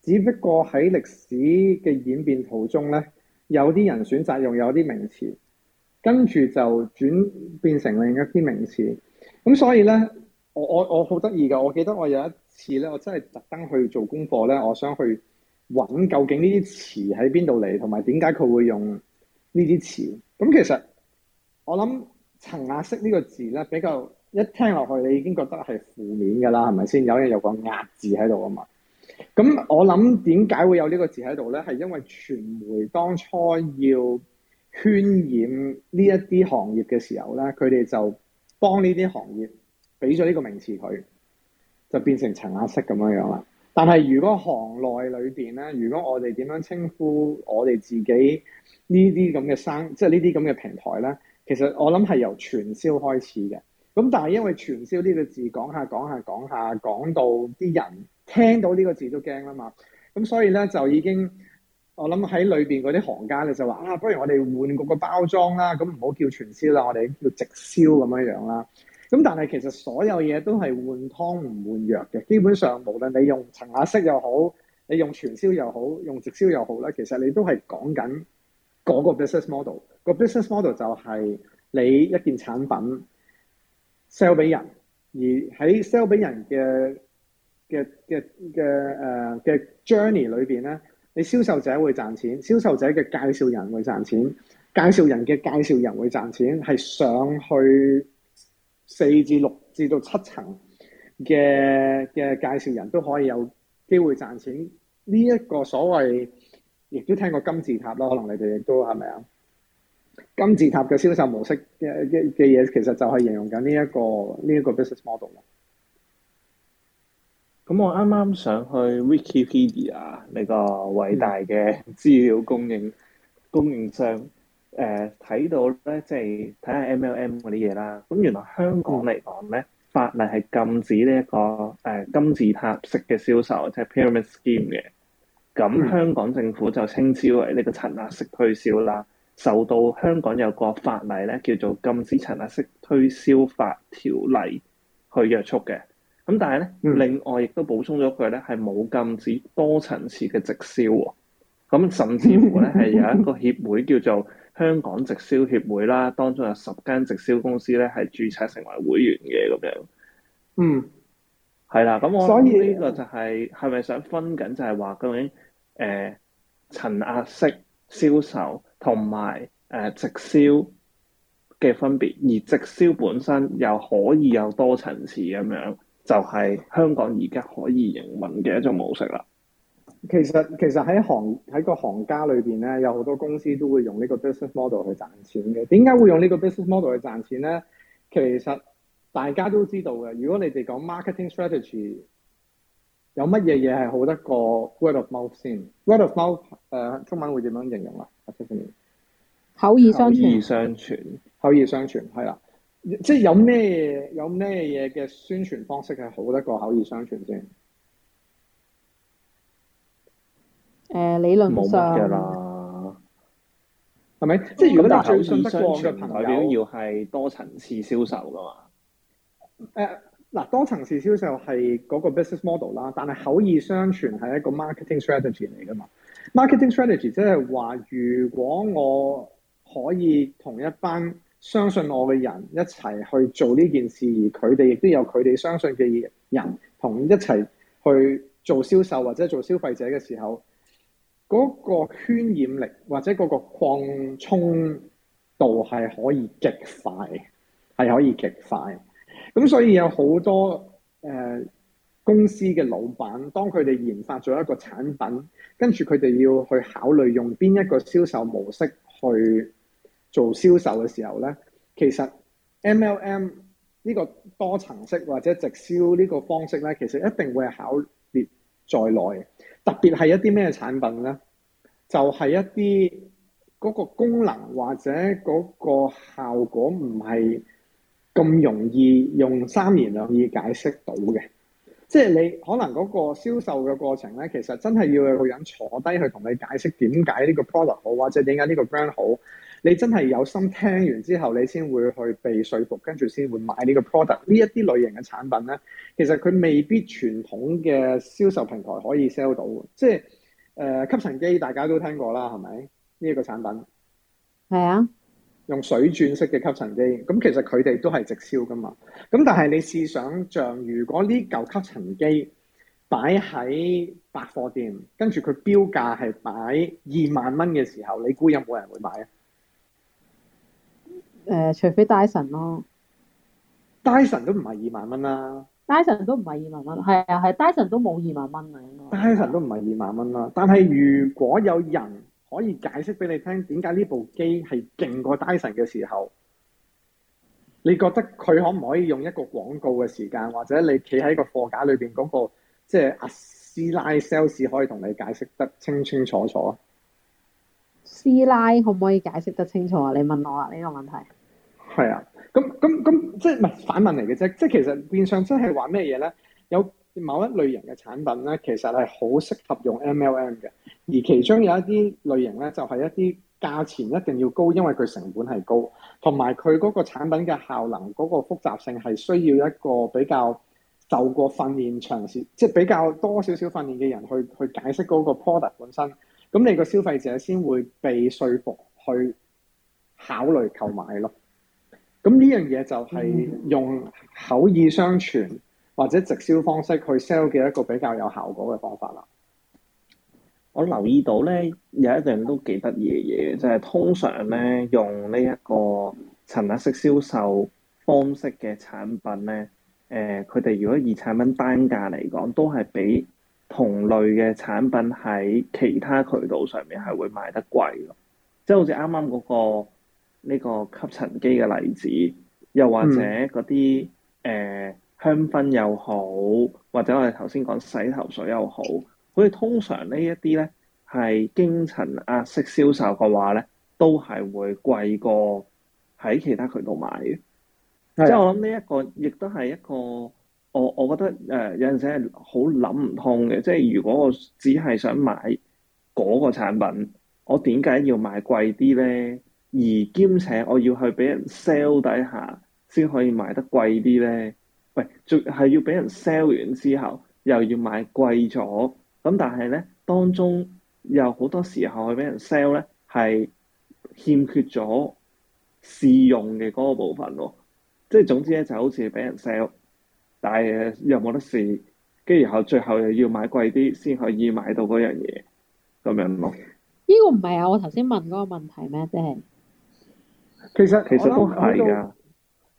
只不過喺歷史嘅演變途中咧，有啲人選擇用有啲名詞，跟住就轉變成另一啲名詞。咁所以咧。我我好得意噶，我記得我有一次咧，我真係特登去做功課咧，我想去揾究竟呢啲詞喺邊度嚟，同埋點解佢會用呢啲詞。咁、嗯、其實我諗層壓式呢個字咧，比較一聽落去你已經覺得係負面噶啦，係咪先？有樣有個壓字喺度啊嘛。咁我諗點解會有呢個字喺度咧？係因為傳媒當初要渲染呢一啲行業嘅時候咧，佢哋就幫呢啲行業。俾咗呢個名詞佢，就變成層壓式咁樣樣啦。但係如果行內裏邊咧，如果我哋點樣稱呼我哋自己呢啲咁嘅生，即係呢啲咁嘅平台咧，其實我諗係由傳銷開始嘅。咁但係因為傳銷呢個字講下講下講下講到啲人聽到呢個字都驚啦嘛。咁所以咧就已經我諗喺裏邊嗰啲行家咧就話啊，不如我哋換個個包裝啦，咁唔好叫傳銷啦，我哋叫直銷咁樣樣啦。咁、嗯、但係其實所有嘢都係換湯唔換藥嘅，基本上無論你用層壓式又好，你用傳銷又好，用直銷又好咧，其實你都係講緊嗰個 business model。個 business model 就係你一件產品 sell 俾人，而喺 sell 俾人嘅嘅嘅嘅誒嘅 journey 裏邊咧，你銷售者會賺錢，銷售者嘅介紹人會賺錢，介紹人嘅介紹人會賺錢，係上去。四至六至到七層嘅嘅介紹人都可以有機會賺錢，呢一個所謂亦都聽過金字塔咯，可能你哋亦都係咪啊？金字塔嘅銷售模式嘅嘅嘢，其實就係形容緊呢一個呢一個 business model 咯。咁我啱啱想去 Wikipedia 呢個偉大嘅資料供應供應商。誒睇、呃、到咧，即係睇下 MLM 嗰啲嘢啦。咁原來香港嚟講咧，法例係禁止呢、這、一個誒、呃、金字塔式嘅銷售，即係 pyramid scheme 嘅。咁香港政府就稱之為呢個層壓式推銷啦，受到香港有個法例咧叫做禁止層壓式推銷法條例去約束嘅。咁但係咧，嗯、另外亦都補充咗佢咧係冇禁止多層次嘅直銷喎。咁甚至乎咧係有一個協會叫做。 香港直銷協會啦，當中有十間直銷公司咧，係註冊成為會員嘅咁樣。嗯，係啦，咁我、就是、所以呢個就係係咪想分緊就係話究竟誒，層、呃、壓式銷售同埋誒直銷嘅分別，而直銷本身又可以有多層次咁樣，就係、是、香港而家可以營運嘅一種模式啦。其實其實喺行喺個行家裏邊咧，有好多公司都會用呢個 business model 去賺錢嘅。點解會用呢個 business model 去賺錢咧？其實大家都知道嘅。如果你哋講 marketing strategy，有乜嘢嘢係好得過 word of mouth 先？Word of mouth 誒、呃、中文會點樣形容啊？口耳相、相傳，口耳相傳，口耳相傳係啦。即係有咩有咩嘢嘅宣傳方式係好得過口耳相傳先？誒，理論上係咪？即係如果你最信得過嘅朋友都要係多層次銷售噶嘛？誒，嗱，多層次銷售係嗰個 business model 啦，但係口耳相傳係一個 mark strategy marketing strategy 嚟噶嘛？marketing strategy 即係話，如果我可以同一班相信我嘅人一齊去做呢件事，而佢哋亦都有佢哋相信嘅人同一齊去做銷售或者做消費者嘅時候。嗰個渲染力或者嗰個擴充度係可以極快，係可以極快。咁所以有好多誒、呃、公司嘅老闆，當佢哋研發咗一個產品，跟住佢哋要去考慮用邊一個銷售模式去做銷售嘅時候呢，其實 MLM 呢個多層式或者直銷呢個方式呢，其實一定會考。在內，特別係一啲咩產品呢？就係一啲嗰個功能或者嗰個效果唔係咁容易用三言兩語解釋到嘅，即係你可能嗰個銷售嘅過程呢，其實真係要個人坐低去同你解釋點解呢個 product 好，或者點解呢個 brand 好。你真係有心聽完之後，你先會去被説服，跟住先會買呢個 product。呢一啲類型嘅產品呢，其實佢未必傳統嘅銷售平台可以 sell 到，即係、呃、吸塵機大家都聽過啦，係咪？呢、這、一個產品係啊，用水轉式嘅吸塵機。咁其實佢哋都係直銷噶嘛。咁但係你試想像，如果呢嚿吸塵機擺喺百貨店，跟住佢標價係擺二萬蚊嘅時候，你估有冇人會買啊？誒，除非戴森咯，戴森都唔係二萬蚊啦。戴森都唔係二萬蚊，係啊係，戴森都冇二萬蚊啊，應該。戴森都唔係二萬蚊啦，但係如果有人可以解釋俾你聽點解呢部機係勁過戴森嘅時候，你覺得佢可唔可以用一個廣告嘅時間，或者你企喺個貨架裏邊嗰部，即係阿師奶 sales 可以同你解釋得清清楚楚啊？師奶可唔可以解釋得清楚啊？你問我啊，呢個問題。係啊，咁咁咁即係唔係反問嚟嘅啫？即係其實變相即係話咩嘢咧？有某一類型嘅產品咧，其實係好適合用 MLM 嘅。而其中有一啲類型咧，就係一啲價錢一定要高，因為佢成本係高，同埋佢嗰個產品嘅效能、嗰個複雜性係需要一個比較受過訓練、長時即係比較多少少訓練嘅人去去解釋嗰個 product 本身。咁你個消費者先會被説服去考慮購買咯。咁呢樣嘢就係用口耳相傳或者直銷方式去 sell 嘅一個比較有效果嘅方法啦。我留意到咧，有一樣都幾得意嘅嘢，就係、是、通常咧，用呢一個層壓式銷售方式嘅產品咧，誒佢哋如果以產品單價嚟講，都係比同類嘅產品喺其他渠道上面係會賣得貴咯。即、就、係、是、好似啱啱嗰個。呢個吸塵機嘅例子，又或者嗰啲誒香薰又好，或者我哋頭先講洗頭水又好，好似通常呢一啲咧係經層壓式銷售嘅話咧，都係會貴過喺其他渠道買嘅。即係我諗呢一個，亦都係一個我我覺得誒、呃、有陣時係好諗唔通嘅。即係如果我只係想買嗰個產品，我點解要買貴啲咧？而兼且我要去俾人 sell 底下，先可以賣得貴啲咧？喂，仲係要俾人 sell 完之後，又要買貴咗？咁但係咧，當中有好多時候去俾人 sell 咧，係欠缺咗試用嘅嗰個部分喎、哦。即係總之咧，就好似俾人 sell，但係又冇得試，跟住然後最後又要買貴啲先可以買到嗰樣嘢，咁樣咯。呢個唔係啊！我頭先問嗰個問題咩？即係。其實其實都係噶，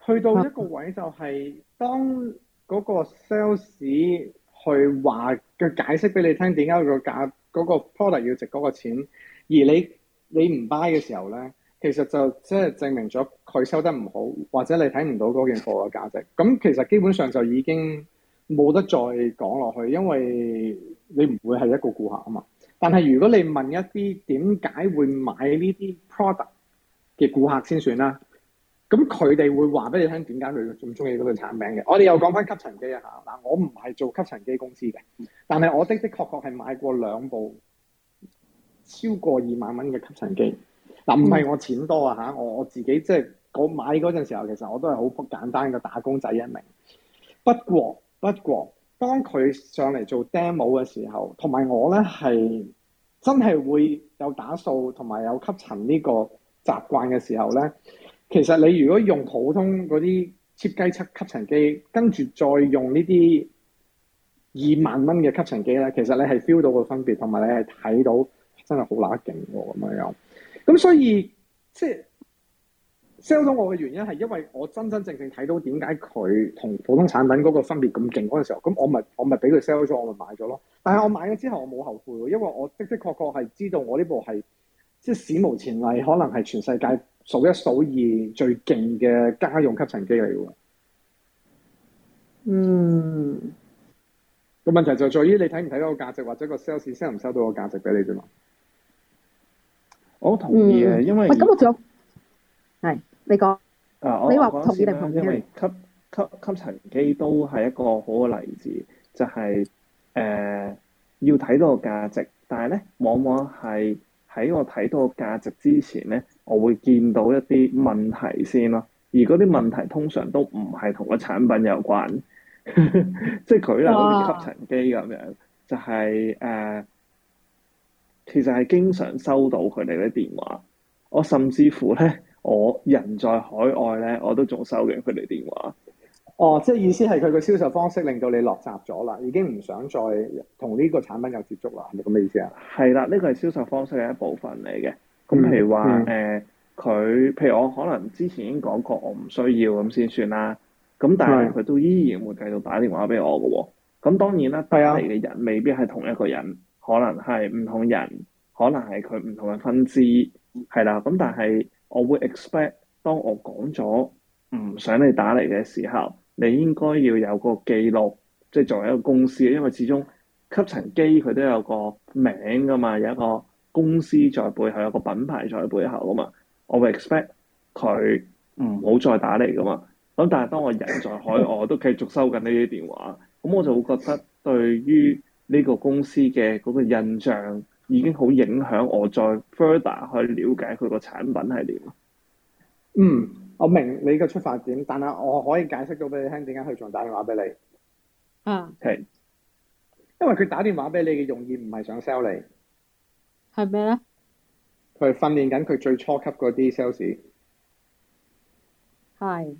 去到一個位就係當嗰個 sales 去話佢解釋俾你聽點解個價嗰個 product 要值嗰個錢，而你你唔 buy 嘅時候咧，其實就即係證明咗佢收得唔好，或者你睇唔到嗰件貨嘅價值。咁其實基本上就已經冇得再講落去，因為你唔會係一個顧客啊嘛。但係如果你問一啲點解會買呢啲 product 嘅顧客先算啦，咁佢哋會話俾你聽點解佢仲中意嗰個產品嘅。我哋又講翻吸塵機啊嚇，嗱我唔係做吸塵機公司嘅，但係我的的確確係買過兩部超過二萬蚊嘅吸塵機。嗱唔係我錢多啊嚇，我我自己即係我買嗰陣時候，其實我都係好簡單嘅打工仔一名。不過不過，當佢上嚟做 demo 嘅時候，同埋我咧係真係會有打掃同埋有吸塵呢個習慣嘅時候咧，其實你如果用普通嗰啲設計出吸塵機，跟住再用呢啲二萬蚊嘅吸塵機咧，其實你係 feel 到個分別，同埋你係睇到真係好乸勁咁樣樣。咁所以即係 sell 咗我嘅原因係，因為我真真正正睇到點解佢同普通產品嗰個分別咁勁嗰個時候，咁我咪我咪俾佢 sell 咗，我咪買咗咯。但係我買咗之後我冇後悔，因為我的的確確係知道我呢部係。即史無前例，可能係全世界數一數二最勁嘅家用吸塵機嚟嘅喎。嗯，個問題就在於你睇唔睇到個價值，或者個 sales person 收唔收到個價值俾你啫嘛。我好同意嘅，嗯、因為咁我你講。啊，我你話同意定唔同意，因為吸吸吸，吸塵機都係一個好嘅例子，就係、是、誒、呃、要睇到個價值，但係咧往往係。喺我睇到個價值之前咧，我會見到一啲問題先咯。而嗰啲問題通常都唔係同個產品有關，即係舉例好似吸塵機咁樣，就係、是、誒、呃，其實係經常收到佢哋啲電話。我甚至乎咧，我人在海外咧，我都仲收緊佢哋電話。哦，即係意思係佢個銷售方式令到你落閘咗啦，已經唔想再同呢個產品有接觸啦，係咪咁嘅意思啊？係啦，呢個係銷售方式嘅一部分嚟嘅。咁、嗯、譬如話誒，佢、嗯呃、譬如我可能之前已經講過，我唔需要咁先算啦。咁但係佢都依然會繼續打電話俾我㗎喎。咁當然啦，打嚟嘅人未必係同一個人，嗯、可能係唔同人，可能係佢唔同嘅分支，係啦、嗯。咁但係我會 expect，當我講咗唔想你打嚟嘅時候，你應該要有個記錄，即係作為一個公司，因為始終吸塵機佢都有個名㗎嘛，有一個公司在背後，有個品牌在背後㗎嘛。我會 expect 佢唔好再打嚟㗎嘛。咁但係當我人在海外，我都繼續收緊呢啲電話，咁我就會覺得對於呢個公司嘅嗰個印象已經好影響我再 further 去了解佢個產品係點。嗯。我明你嘅出發點，但係我可以解釋到俾你聽點解佢仲打電話俾你。啊，係，okay. 因為佢打電話俾你嘅用意唔係想 sell 你，係咩咧？佢訓練緊佢最初級嗰啲 sales。係，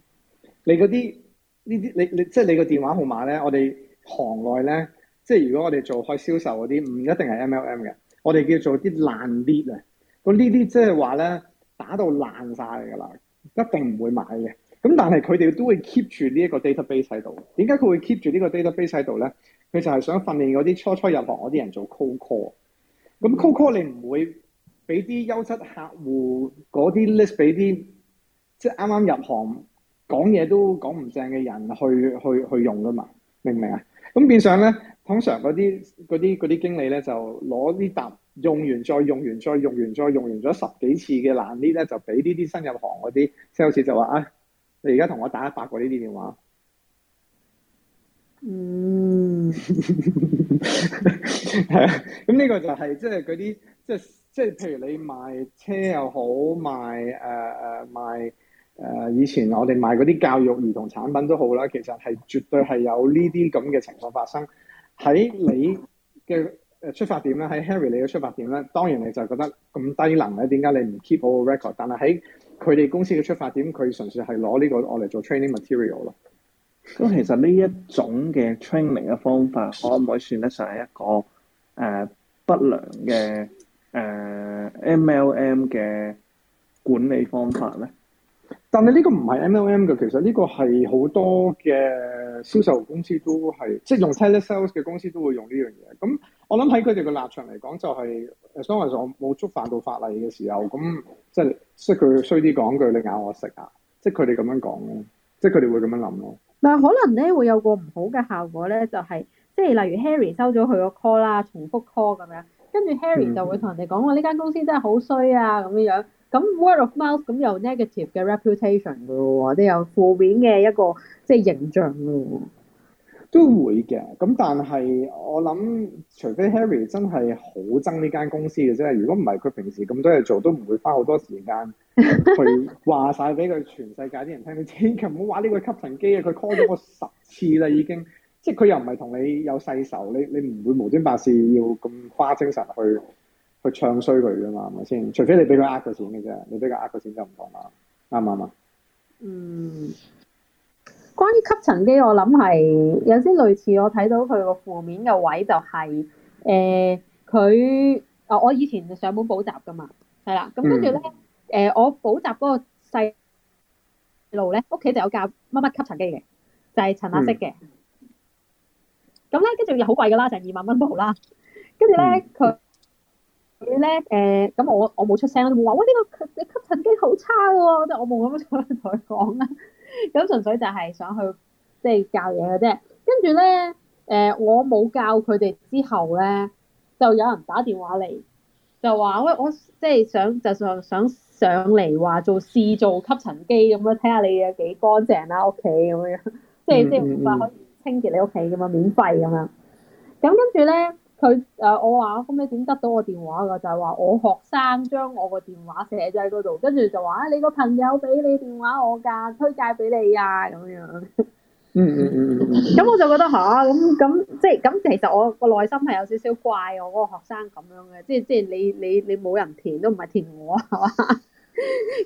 你嗰啲呢啲你、就是、你即係你個電話號碼咧？我哋行內咧，即、就、係、是、如果我哋做開銷售嗰啲，唔一定係 M L M 嘅，我哋叫做啲爛啲啊！嗰呢啲即係話咧，打到爛曬㗎啦～一定唔會買嘅，咁但係佢哋都會 keep 住呢一個 database 喺度。點解佢會 keep 住呢個 database 喺度咧？佢就係想訓練嗰啲初初入行嗰啲人做 cold call。咁 cold call 你唔會俾啲優質客戶嗰啲 list 俾啲即係啱啱入行講嘢都講唔正嘅人去去去用噶嘛？明唔明啊？咁變相咧，通常嗰啲嗰啲嗰啲經理咧就攞呢沓。用完再用完再用完再用完咗十幾次嘅難啲咧，就俾呢啲新入行嗰啲，即好似就話啊，你而家同我打一百個呢啲電話。嗯，係 啊，咁呢個就係即係嗰啲，即係即係譬如你賣車又好，賣誒誒、呃、賣誒、呃、以前我哋賣嗰啲教育兒童產品都好啦，其實係絕對係有呢啲咁嘅情況發生喺你嘅。誒出發點咧，喺 Harry 你嘅出發點咧，當然你就覺得咁低能咧，點解你唔 keep 好個 record？但係喺佢哋公司嘅出發點，佢純粹係攞呢個嚟做 training material 咯。咁其實呢一種嘅 training 嘅方法，可唔可以算得上係一個誒、呃、不良嘅誒、呃、MLM 嘅管理方法咧？ 但係呢個唔係 MLM 嘅，其實呢個係好多嘅銷售公司都係，即係用 telesales 嘅公司都會用呢樣嘢咁。我諗喺佢哋嘅立場嚟講，就是，就係，所以我冇觸犯到法例嘅時候，咁即係，即佢衰啲講句，你咬我食啊！即係佢哋咁樣講咯，即係佢哋會咁樣諗咯。但可能咧會有個唔好嘅效果咧，就是，就係，即係例如 Harry 收咗佢個 call 啦，重複 call 咁樣，跟住 Harry 就會同人哋講話呢間公司真係好衰啊咁樣樣。咁 word of mouth 咁有 negative 嘅 reputation 㗎喎，即係有負面嘅一個即係形象㗎喎。都會嘅，咁但係我諗，除非 Harry 真係好憎呢間公司嘅啫，如果唔係，佢平時咁多嘢做，都唔會花好多時間去話晒俾佢全世界啲人聽。 你千祈唔好話呢個吸塵機啊！佢 call 咗我十次啦，已經，即係佢又唔係同你有世仇，你你唔會無端白事要咁花精神去去唱衰佢噶嘛，係咪先？除非你俾佢呃佢錢嘅啫，你俾佢呃佢錢就唔同啦。啱唔啱啊？嗯。關於吸塵機，我諗係有啲類似。我睇到佢個負面嘅位就係，誒佢啊，我以前上門補習㗎嘛，係啦。咁跟住咧，誒我補習嗰個細路咧，屋企就有架乜乜吸塵機嘅，就係陳亞色嘅。咁咧，跟住又好貴㗎啦，成二萬蚊度啦。跟住咧，佢佢咧誒，咁我我冇出聲啦，冇話喂，呢個你吸塵機好差㗎喎，即係我冇咁樣同佢講啦。咁純粹就係想去即係教嘢嘅啫，跟住咧，誒我冇教佢哋之後咧，就有人打電話嚟，就話喂我即係想就上、想、想上嚟話做試做吸塵機咁樣，睇下你有幾乾淨啦屋企咁樣，即係即係話可以清潔你屋企咁樣，免費咁樣，咁跟住咧。佢誒我話咁你點得到我電話㗎？就係話我學生將我個電話寫咗喺嗰度，跟住就話啊你個朋友俾你電話我㗎，推介俾你啊咁樣。嗯嗯嗯嗯。咁我就覺得嚇，咁咁即係咁，其實我個內心係有少少怪我嗰個學生咁樣嘅，即係即係你你你冇人填都唔係填我係嘛？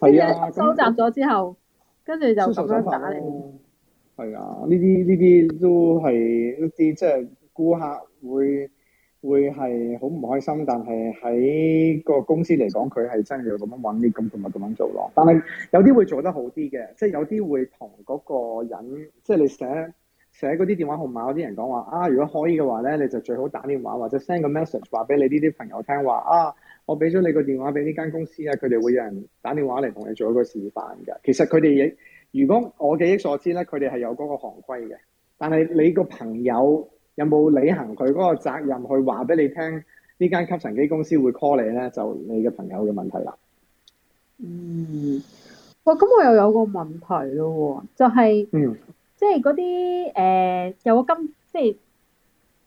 係啊。收集咗之後，跟住就咁樣打你。係啊，呢啲呢啲都係一啲即係顧客會。會係好唔開心，但係喺個公司嚟講，佢係真係要咁樣揾你，咁同埋咁樣做咯。但係有啲會做得好啲嘅，即係有啲會同嗰個人，即係你寫寫嗰啲電話號碼嗰啲人講話啊。如果可以嘅話咧，你就最好打電話或者 send 個 message 話俾你呢啲朋友聽話啊。我俾咗你個電話俾呢間公司啊，佢哋會有人打電話嚟同你做一個示範嘅。其實佢哋亦如果我記憶所知咧，佢哋係有嗰個行規嘅。但係你個朋友有冇履行佢嗰個責任去話俾你聽？呢間吸塵機公司會 call 你咧，就你嘅朋友嘅問題啦。嗯，哇、哦！咁我又有個問題咯喎，就係、是，嗯，即係嗰啲誒有個金，即係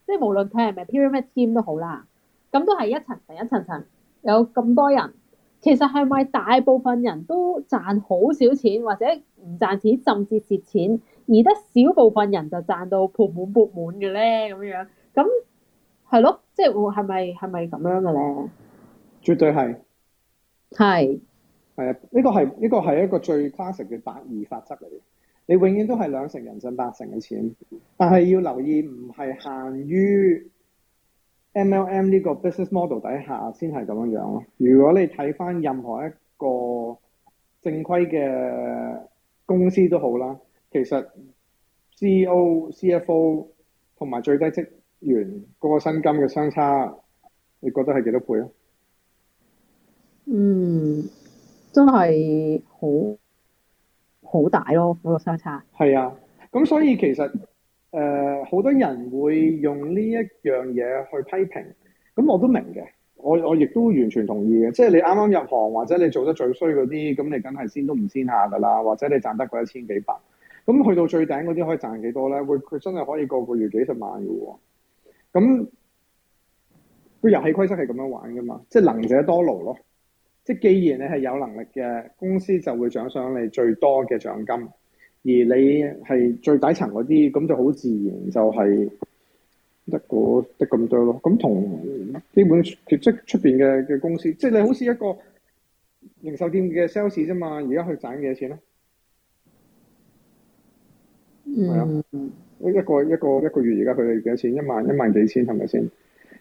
即係無論佢係咪 pyramid team 都好啦，咁都係一層層一層層，有咁多人，其實係咪大部分人都賺好少錢，或者唔賺錢，甚至蝕錢？而得少部分人就賺到盆滿缽滿嘅咧，咁樣咁係咯，即係係咪係咪咁樣嘅咧、哦？絕對係，係係啊！呢、這個係呢、這個係一個最 classic 嘅八二法則嚟嘅，你永遠都係兩成人賺八成嘅錢，但係要留意唔係限於、ML、M L M 呢個 business model 底下先係咁樣咯。如果你睇翻任何一個正規嘅公司都好啦。其實 CEO、CFO 同埋最低職員嗰個薪金嘅相差，你覺得係幾多倍啊？嗯，真係好好大咯，嗰個相差。係啊，咁所以其實誒，好多人會用呢一樣嘢去批評，咁我都明嘅，我我亦都完全同意嘅。即係你啱啱入行或者你做得最衰嗰啲，咁你梗係先都唔先下㗎喇，或者你賺得嗰一千幾百。咁去到最頂嗰啲可以賺幾多咧？會佢真係可以個個月幾十萬嘅喎、哦。咁個遊戲規則係咁樣的玩嘅嘛，即係能者多勞咯。即係既然你係有能力嘅，公司就會獎賞你最多嘅獎金。而你係最底層嗰啲，咁就好自然就係得個得咁多咯。咁同基本即出邊嘅嘅公司，即係你好似一個零售店嘅 sales 啫嘛。而家佢賺幾多錢咧？係啊，一、嗯、一個一個一個月而家佢哋幾多錢？一萬一萬幾千係咪先？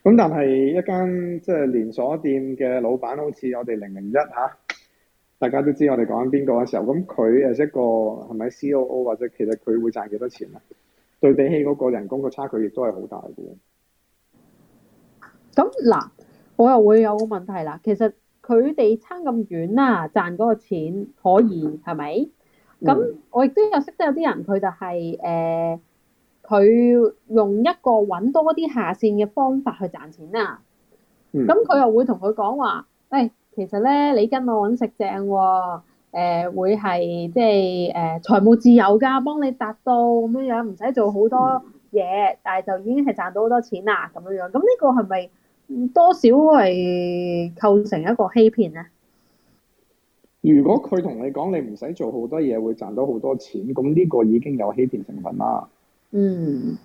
咁但係一間即係連鎖店嘅老闆，好似我哋零零一吓，大家都知我哋講緊邊個嘅時候，咁佢誒一個係咪 C O O 或者其實佢會賺幾多錢啊？對比起嗰個人工嘅差距亦都係好大嘅。咁嗱、嗯，我又會有個問題啦。其實佢哋差咁遠啊，賺嗰個錢可以係咪？咁我亦都有識得有啲人，佢就係、是、誒，佢、呃、用一個揾多啲下線嘅方法去賺錢啊。咁佢、嗯、又會同佢講話：誒、欸，其實咧，你跟我揾食正喎，誒、呃，會係即係誒、呃、財務自由㗎，幫你達到咁樣，唔使做好多嘢，嗯、但係就已經係賺到好多錢啦，咁樣樣。咁呢個係咪多少係構成一個欺騙咧？如果佢同你講你唔使做好多嘢，會賺到好多錢，咁呢個已經有欺騙成分啦。嗯，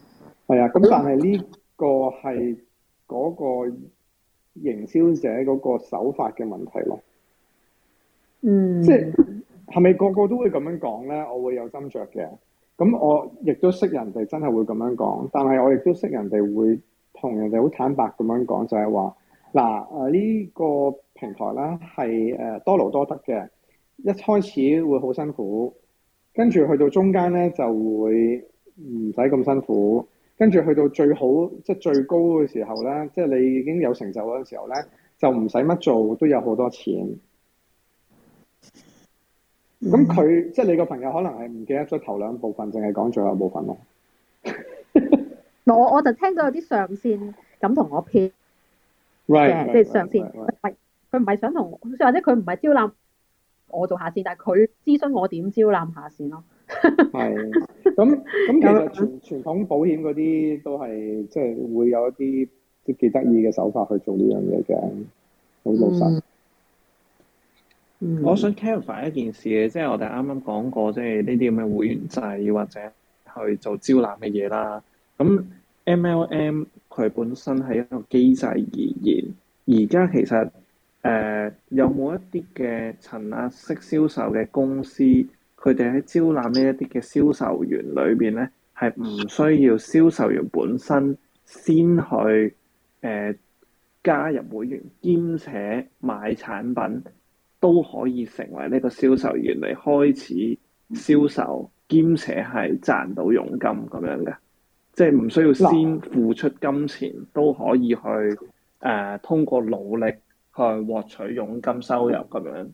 係啊，咁但係呢個係嗰個營銷者嗰個手法嘅問題咯。嗯，即係係咪個個都會咁樣講呢？我會有斟酌嘅。咁我亦都識人哋真係會咁樣講，但係我亦都識人哋會同人哋好坦白咁樣講，就係話。嗱，誒呢、呢個平台咧係誒多勞多得嘅，一開始會好辛苦，跟住去到中間呢就會唔使咁辛苦，跟住去到最好即係最高嘅時候呢，即係你已經有成就嘅時候呢，就唔使乜做都有好多錢。咁佢、嗯、即係你個朋友可能係唔記得咗頭兩部分，淨係講最後部分咯。 我我就聽到有啲上線咁同我撇。即係、right, right, right, 上次，佢唔係想同，或者佢唔係招攬我做下線，但係佢諮詢我點招攬下線咯。係咁咁，其實傳 傳統保險嗰啲都係即係會有一啲即係幾得意嘅手法去做呢樣嘢嘅，好老實。Mm hmm. mm hmm. 我想 clarify 一件事嘅，即係我哋啱啱講過，即係呢啲咁嘅會員制或者去做招攬嘅嘢啦，咁。MLM 佢本身係一個機制而言，而家其實誒、呃、有冇一啲嘅層壓式銷售嘅公司，佢哋喺招攬呢一啲嘅銷售員裏邊咧，係唔需要銷售員本身先去誒、呃、加入會員兼且買產品都可以成為呢個銷售員嚟開始銷售，兼且係賺到佣金咁樣嘅。即係唔需要先付出金錢都可以去誒、呃、通過努力去獲取佣金收入咁樣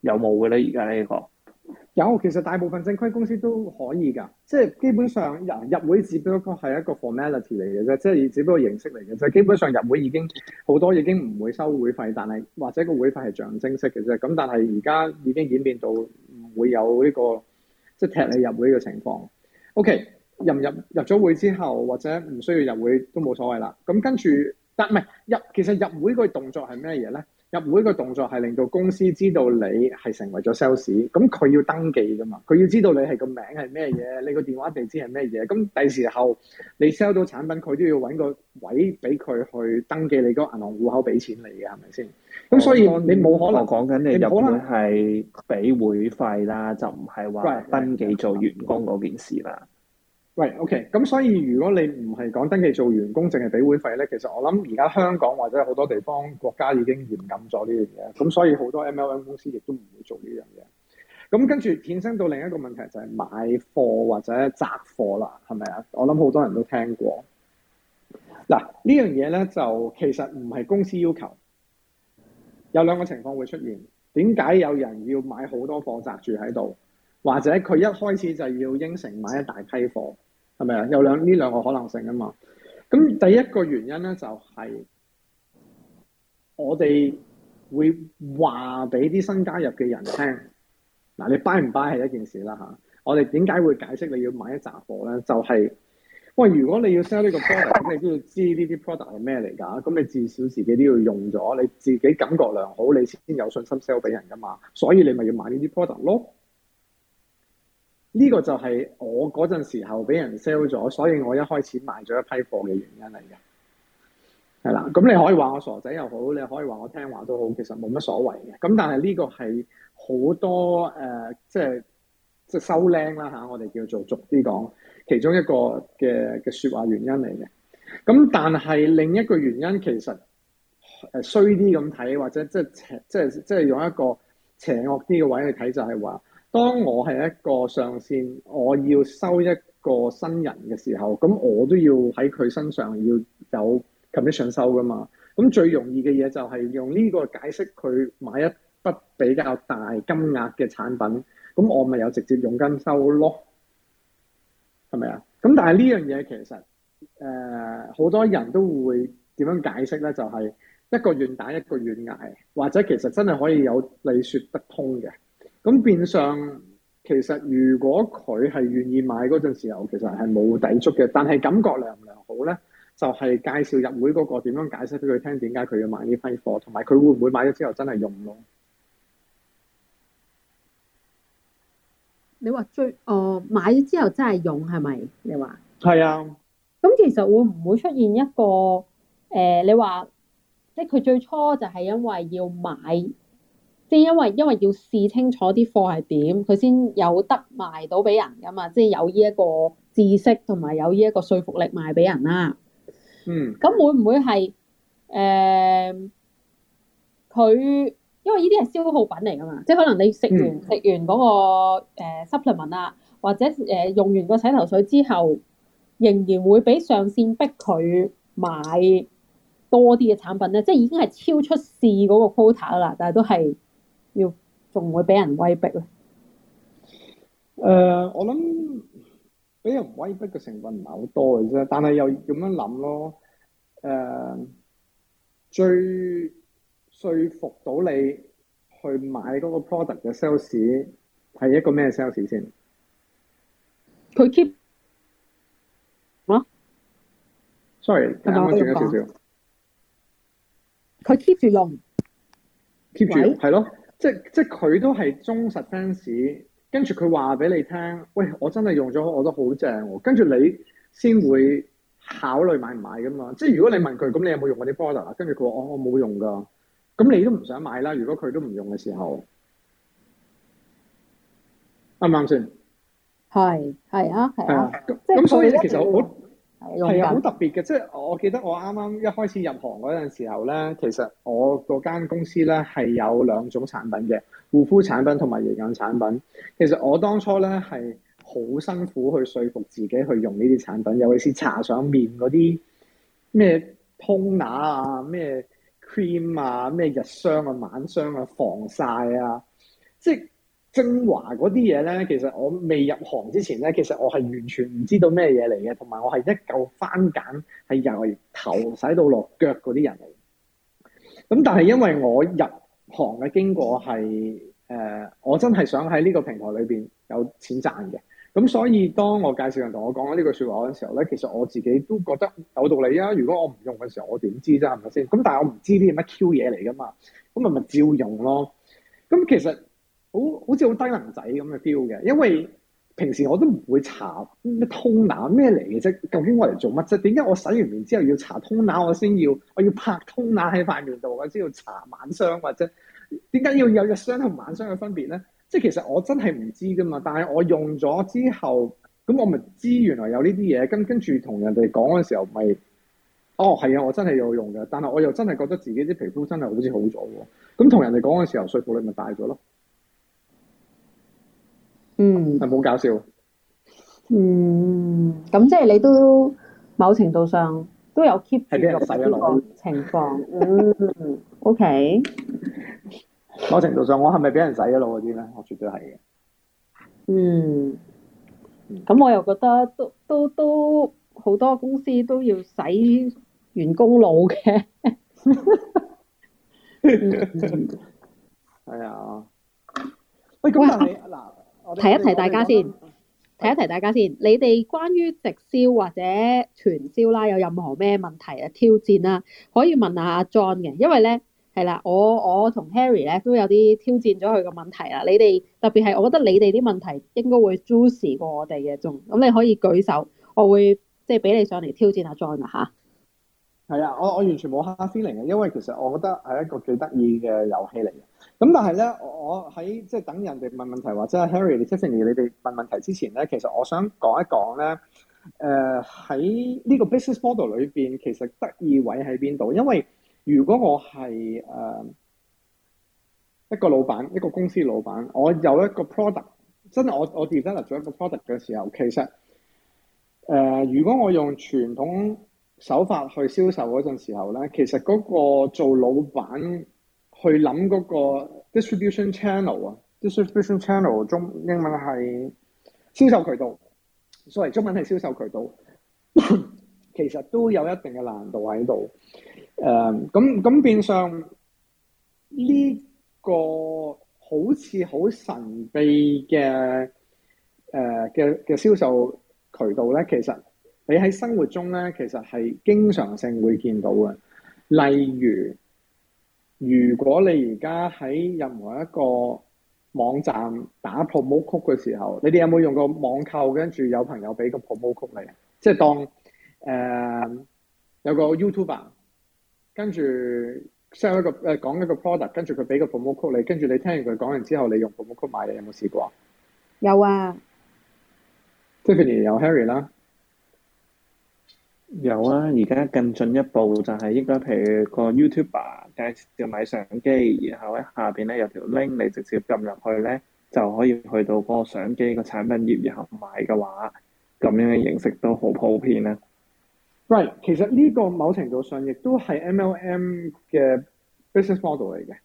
有冇嘅咧？而家呢個有，其實大部分正規公司都可以噶，即係基本上入入會只不過係一個 formality 嚟嘅啫，即係只不過形式嚟嘅啫。基本上入會已經好多已經唔會收會費，但係或者個會費係象徵式嘅啫。咁但係而家已經演變到唔會有呢個即係踢你入會嘅情況。OK。入入入咗會之後，或者唔需要入會都冇所謂啦。咁、嗯、跟住，但唔係入，其實入會個動作係咩嘢咧？入會個動作係令到公司知道你係成為咗 sales，咁佢要登記噶嘛？佢要知道你係個名係咩嘢，你個電話地址係咩嘢。咁第時候你 sell 到產品，佢都要搵個位俾佢去登記你個銀行戶口，俾錢你嘅係咪先？咁、嗯嗯、所以你冇可能講緊你入會係俾會費啦，就唔係話登記做員工嗰件事啦。喂、right，OK，咁所以如果你唔係講登記做員工，淨係俾會費咧，其實我諗而家香港或者好多地方國家已經嚴禁咗呢樣嘢，咁所以好多 MLM 公司亦都唔會做呢樣嘢。咁跟住衍生到另一個問題就係買貨或者積貨啦，係咪啊？我諗好多人都聽過。嗱，樣呢樣嘢咧就其實唔係公司要求，有兩個情況會出現。點解有人要買好多貨積住喺度？或者佢一開始就要應承買一大批貨，係咪啊？有兩呢兩個可能性啊嘛。咁第一個原因咧，就係我哋會話俾啲新加入嘅人聽。嗱，你 buy 唔 buy 係一件事啦嚇。我哋點解會解釋你要買一扎貨咧？就係喂，如果你要 sell 呢個 product，咁你都要知呢啲 product 係咩嚟㗎？咁你至少自己都要用咗，你自己感覺良好，你先有信心 sell 俾人㗎嘛。所以你咪要買呢啲 product 咯。呢個就係我嗰陣時候俾人 sell 咗，所以我一開始買咗一批貨嘅原因嚟嘅，係啦。咁你可以話我傻仔又好，你可以話我聽話都好，其實冇乜所謂嘅。咁但係呢個係好多誒、呃，即係即係收靚啦吓，我哋叫做逐啲講，其中一個嘅嘅說話原因嚟嘅。咁但係另一個原因，其實誒、呃、衰啲咁睇，或者即係邪，即係即係用一個邪惡啲嘅位去睇，就係、是、話。當我係一個上線，我要收一個新人嘅時候，咁我都要喺佢身上要有 commission 收噶嘛。咁最容易嘅嘢就係用呢個解釋佢買一筆比較大金額嘅產品，咁我咪有直接佣金收咯，係咪啊？咁但係呢樣嘢其實誒好、呃、多人都會點樣解釋呢？就係、是、一個願打一個願捱，或者其實真係可以有理説得通嘅。咁變相其實，如果佢係願意買嗰陣時候，其實係冇抵觸嘅。但係感覺良唔良好咧，就係、是、介紹入會嗰、那個點樣解釋俾佢聽，點解佢要買呢批貨，同埋佢會唔會買咗之後真係用咯？你話最哦、呃、買咗之後真係用係咪？你話係啊？咁其實會唔會出現一個誒、呃？你話即係佢最初就係因為要買。即因為因為要試清楚啲貨係點，佢先有得賣到俾人噶嘛。即係有呢一個知識同埋有呢一個說服力賣俾人啦。嗯。咁會唔會係誒？佢、呃、因為呢啲係消耗品嚟噶嘛，即係可能你食完食、嗯、完嗰、嗰個誒、呃、supplement 啊，或者誒、呃、用完個洗頭水之後，仍然會俾上線逼佢買多啲嘅產品咧。即係已經係超出試嗰個 quota 啦，但係都係。要仲會俾人威逼咧？誒，uh, 我諗俾人威逼嘅成分唔係好多嘅啫，但係又咁樣諗咯。誒、uh,，最説服到你去買嗰個 product 嘅 sales 係一個咩 sales 先？佢 keep 咩、啊？Sorry，等我轉少少。佢 keep 住咯，keep 住係咯。嗯。即即佢都係忠實 fans，跟住佢話俾你聽，喂，我真係用咗，我都好正喎。跟住你先會考慮買唔買噶嘛。即如果你問佢，咁你有冇用嗰啲 product 啊？跟住佢話我我冇用噶，咁你都唔想買啦。如果佢都唔用嘅時候，啱唔啱先？係係啊係啊，即咁所以其實我。係啊，好特別嘅，即係我記得我啱啱一開始入行嗰陣時候咧，其實我嗰間公司咧係有兩種產品嘅，護膚產品同埋營養產品。其實我當初咧係好辛苦去說服自己去用呢啲產品，尤其是搽上面嗰啲咩 toner 啊，咩 cream 啊，咩日霜啊、晚霜啊、防曬啊，即係。精華嗰啲嘢咧，其實我未入行之前咧，其實我係完全唔知道咩嘢嚟嘅，同埋我係一嚿番梘係由頭洗到落腳嗰啲人嚟。咁但係因為我入行嘅經過係誒、呃，我真係想喺呢個平台裏邊有錢賺嘅。咁所以當我介紹人同我講呢句説話嗰陣時候咧，其實我自己都覺得有道理啊。如果我唔用嘅時候，我點知啫？係咪先？咁但係我唔知呢啲乜 Q 嘢嚟噶嘛？咁咪咪照用咯。咁其實。好好似好低能仔咁嘅 feel 嘅，因為平時我都唔會搽咩通拿咩嚟嘅啫，究竟我嚟做乜啫？點解我洗完面之後要搽通拿？我先要，我要拍通拿喺塊面度，我先要搽晚霜或者點解要有日霜同晚霜嘅分別咧？即係其實我真係唔知噶嘛，但係我用咗之後，咁我咪知原來有呢啲嘢。跟跟住同人哋講嘅時候，咪哦係啊，我真係有用嘅，但係我又真係覺得自己啲皮膚真係好似好咗喎。咁同人哋講嘅時候，說服力咪大咗咯。嗯，係好搞笑。 嗯，咁即係你都某程度上都有 keep 洗住呢個情況。 嗯，OK。某程度上我係係，我係咪俾人洗咗腦啲咧？我絕對係嘅。嗯，咁我又覺得都都都好多公司都要洗員工腦嘅。係 啊、 哎。哎、喂，咁啊你嗱？提一提大家先，提一提大家先。的你哋關於直銷或者傳銷啦，有任何咩問題啊、挑戰啦，可以問下阿 John 嘅。因為咧，係啦，我我同 Harry 咧都有啲挑戰咗佢個問題啦。你哋特別係，我覺得你哋啲問題應該會 juicy 過我哋嘅仲。咁你可以舉手，我會即係俾你上嚟挑戰阿 John 啊吓。係啊，我我完全冇黑蝦先嚟嘅，因為其實我覺得係一個最得意嘅遊戲嚟嘅。咁但係咧，我喺即係等人哋問問題，或者 Harry、Stephanie 你哋問問題之前咧，其實我想講一講咧，誒喺呢個 business model 裏邊，其實得意位喺邊度？因為如果我係誒、呃、一個老闆，一個公司老闆，我有一個 product，真係我我 develop 咗一個 product 嘅時候，其實誒、呃、如果我用傳統手法去銷售嗰陣時候咧，其實嗰個做老闆，去諗嗰個 distribution channel 啊，distribution channel 中文英文係銷售渠道所 o 中文係銷售渠道，渠道 其實都有一定嘅難度喺度。誒、uh，咁咁變相呢、這個好似好神秘嘅誒嘅嘅銷售渠道咧，其實你喺生活中咧，其實係經常性會見到嘅，例如。如果你而家喺任何一個網站打 promo code 嘅時候，你哋有冇用過網購？跟住有朋友俾個 promo code 你，即係當誒有個 YouTuber 跟住 sell 一個誒講、呃一,一,呃、一個 product，跟住佢俾個 promo code 你，跟住你聽完佢講完之後你用 promo code 買嘢有冇試過？有啊，Tiffany 有 Harry 啦，有啊。而家更進一步就係應該譬如個 YouTuber。誒直接買相機，然後咧下邊咧有條 link，你直接撳入去咧，就可以去到嗰個相機個產品頁，然後買嘅話，咁樣嘅形式都好普遍啦、啊。Right，其實呢個某程度上亦都係 MLM 嘅 business model 嚟嘅。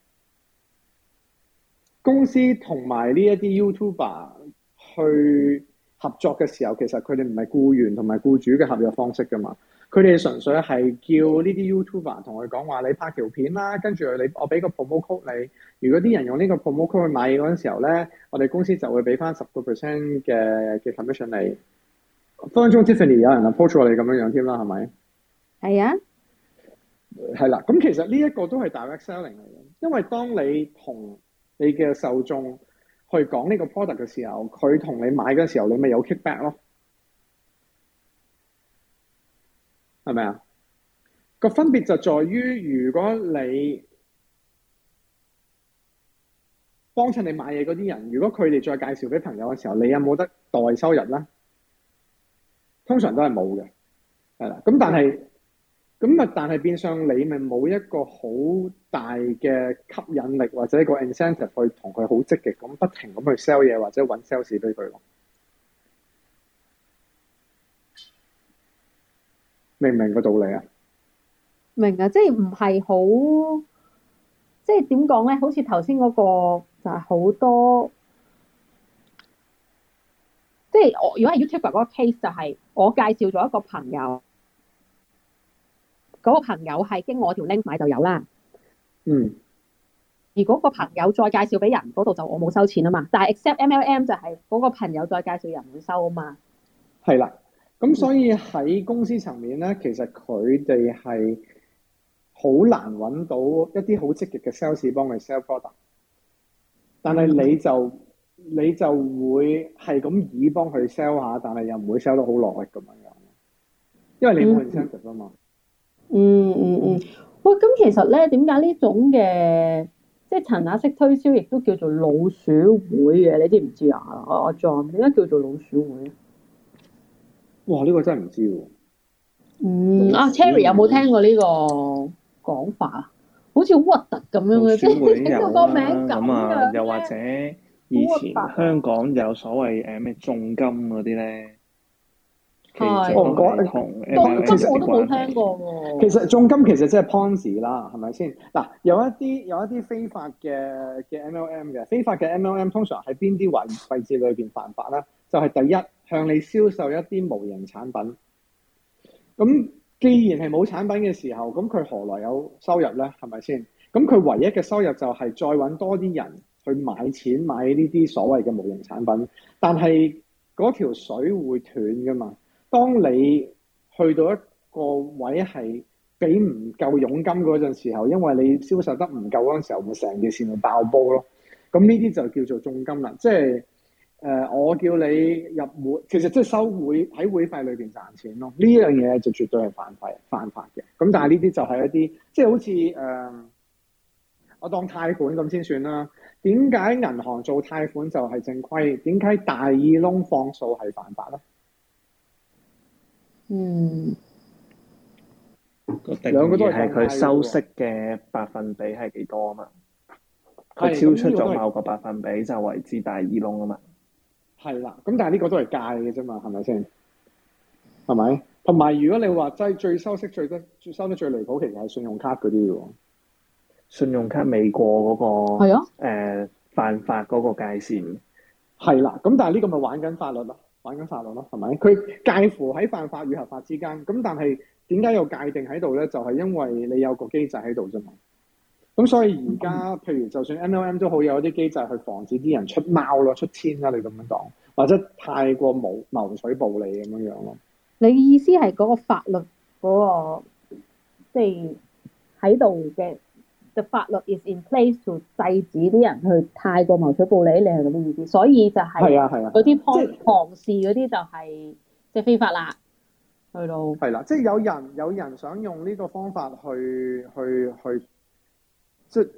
公司同埋呢一啲 YouTuber 去合作嘅時候，其實佢哋唔係僱員同埋僱主嘅合作方式㗎嘛。佢哋純粹係叫呢啲 YouTuber 同佢講話，你拍條片啦、啊，跟住你我俾個 promo code 你。如果啲人用呢個 promo code 去買嘢嗰陣時候咧，我哋公司就會俾返十個 percent 嘅嘅 commission 你。分分鐘 Tiffany 有人 approach 我哋咁樣樣添、啊嗯、啦，係、嗯、咪？係啊，係啦。咁其實呢一個都係 direct selling 嚟嘅，因為當你同你嘅受眾去講呢個 product 嘅時候，佢同你買嗰陣時候，你咪有 kickback 咯。係咪啊？是是那個分別就在於，如果你幫襯你買嘢嗰啲人，如果佢哋再介紹俾朋友嘅時候，你有冇得代收入咧？通常都係冇嘅，係啦。咁但係，咁啊，但係變相你咪冇一個好大嘅吸引力，或者一個 incentive 去同佢好積極咁不停咁去 sell 嘢，或者揾 sales 俾佢咯。明唔明個道理啊？明啊，即係唔係好，即係點講咧？好似頭先嗰個就係、係、好多，即係我如果係 YouTube 嗰個 case 就係我介紹咗一個朋友，嗰、嗰個朋友係經我條 link 買就有啦。嗯。而嗰個朋友再介紹俾人嗰度就我冇收錢啊嘛，但係 except MLM 就係嗰個朋友再介紹人會收啊嘛。係啦。咁、嗯嗯、所以喺公司層面咧，其實佢哋係好難揾到一啲好積極嘅 sales 幫佢 sell product。但係你就你就會係咁以幫佢 sell 下，但係又唔會 sell 得好耐力咁樣。因為你冇 product 啊嘛。嗯嗯嗯，喂、嗯，咁其實咧，點解呢種嘅即係層壓式推銷，亦都叫做老鼠會嘅？你知唔知啊？我我 John 點解叫做老鼠會？哇！呢，這個真係唔知喎，啊。嗯，阿，啊、 Cherry 有冇聽過呢個講法 啊？好似好核突咁樣嘅，即係個名咁樣，啊啊。又或者以前香港有所謂誒咩重金嗰啲咧？我講重金我都冇聽過喎。其實重金其實即係 Ponzi 啦，係咪先？嗱，有一啲有一啲非法嘅嘅 MLM 嘅非法嘅 MLM，通常喺邊啲位位置裏邊犯法咧？就係、是，第一。向你銷售一啲無形產品，咁既然係冇產品嘅時候，咁佢何來有收入呢？係咪先？咁佢唯一嘅收入就係再揾多啲人去買錢買呢啲所謂嘅無形產品，但係嗰條水會斷噶嘛。當你去到一個位係俾唔夠佣金嗰陣時候，因為你銷售得唔夠嗰陣時候，會成件事咪爆煲咯。咁呢啲就叫做重金啦，即係。誒、呃，我叫你入會，其實即係收會喺會費裏邊賺錢咯。呢樣嘢就絕對係犯法、犯法嘅。咁但係呢啲就係一啲，即係好似誒、呃，我當貸款咁先算啦。點解銀行做貸款就係正規？點解大耳窿放數係犯法咧？嗯，兩個都係佢收息嘅百分比係幾多啊嘛，佢超出咗某個百分比就為之大耳窿啊嘛。係啦，咁但係呢個都係界嘅啫嘛，係咪先？係咪？同埋如果你話真係最收息最多、收得最離譜，其實係信用卡嗰啲喎。信用卡未過嗰個誒的、呃、犯法嗰個界線。係啦，咁但係呢個咪玩緊法律咯，玩緊法律咯，係咪？佢介乎喺犯法與合法之間。咁但係點解有界定喺度咧？就係、是、因為你有個機制喺度啫嘛。咁所以而家譬如就算 MLM 都好有啲機制去防止啲人出貓咯出天啦、啊，你咁樣講，或者太過冇謀,謀取暴利咁樣樣咯。你嘅意思係嗰個法律嗰、那個即係喺度嘅，嘅、就是、法律 is in place to 制止啲人去太過謀取暴利，你係咁嘅意思。所以就係係啊係啊，嗰啲、啊啊、龐龐氏嗰啲就係即係非法啦。係咯、啊，係啦、啊，即、就、係、是、有人有人想用呢個方法去去去。去即係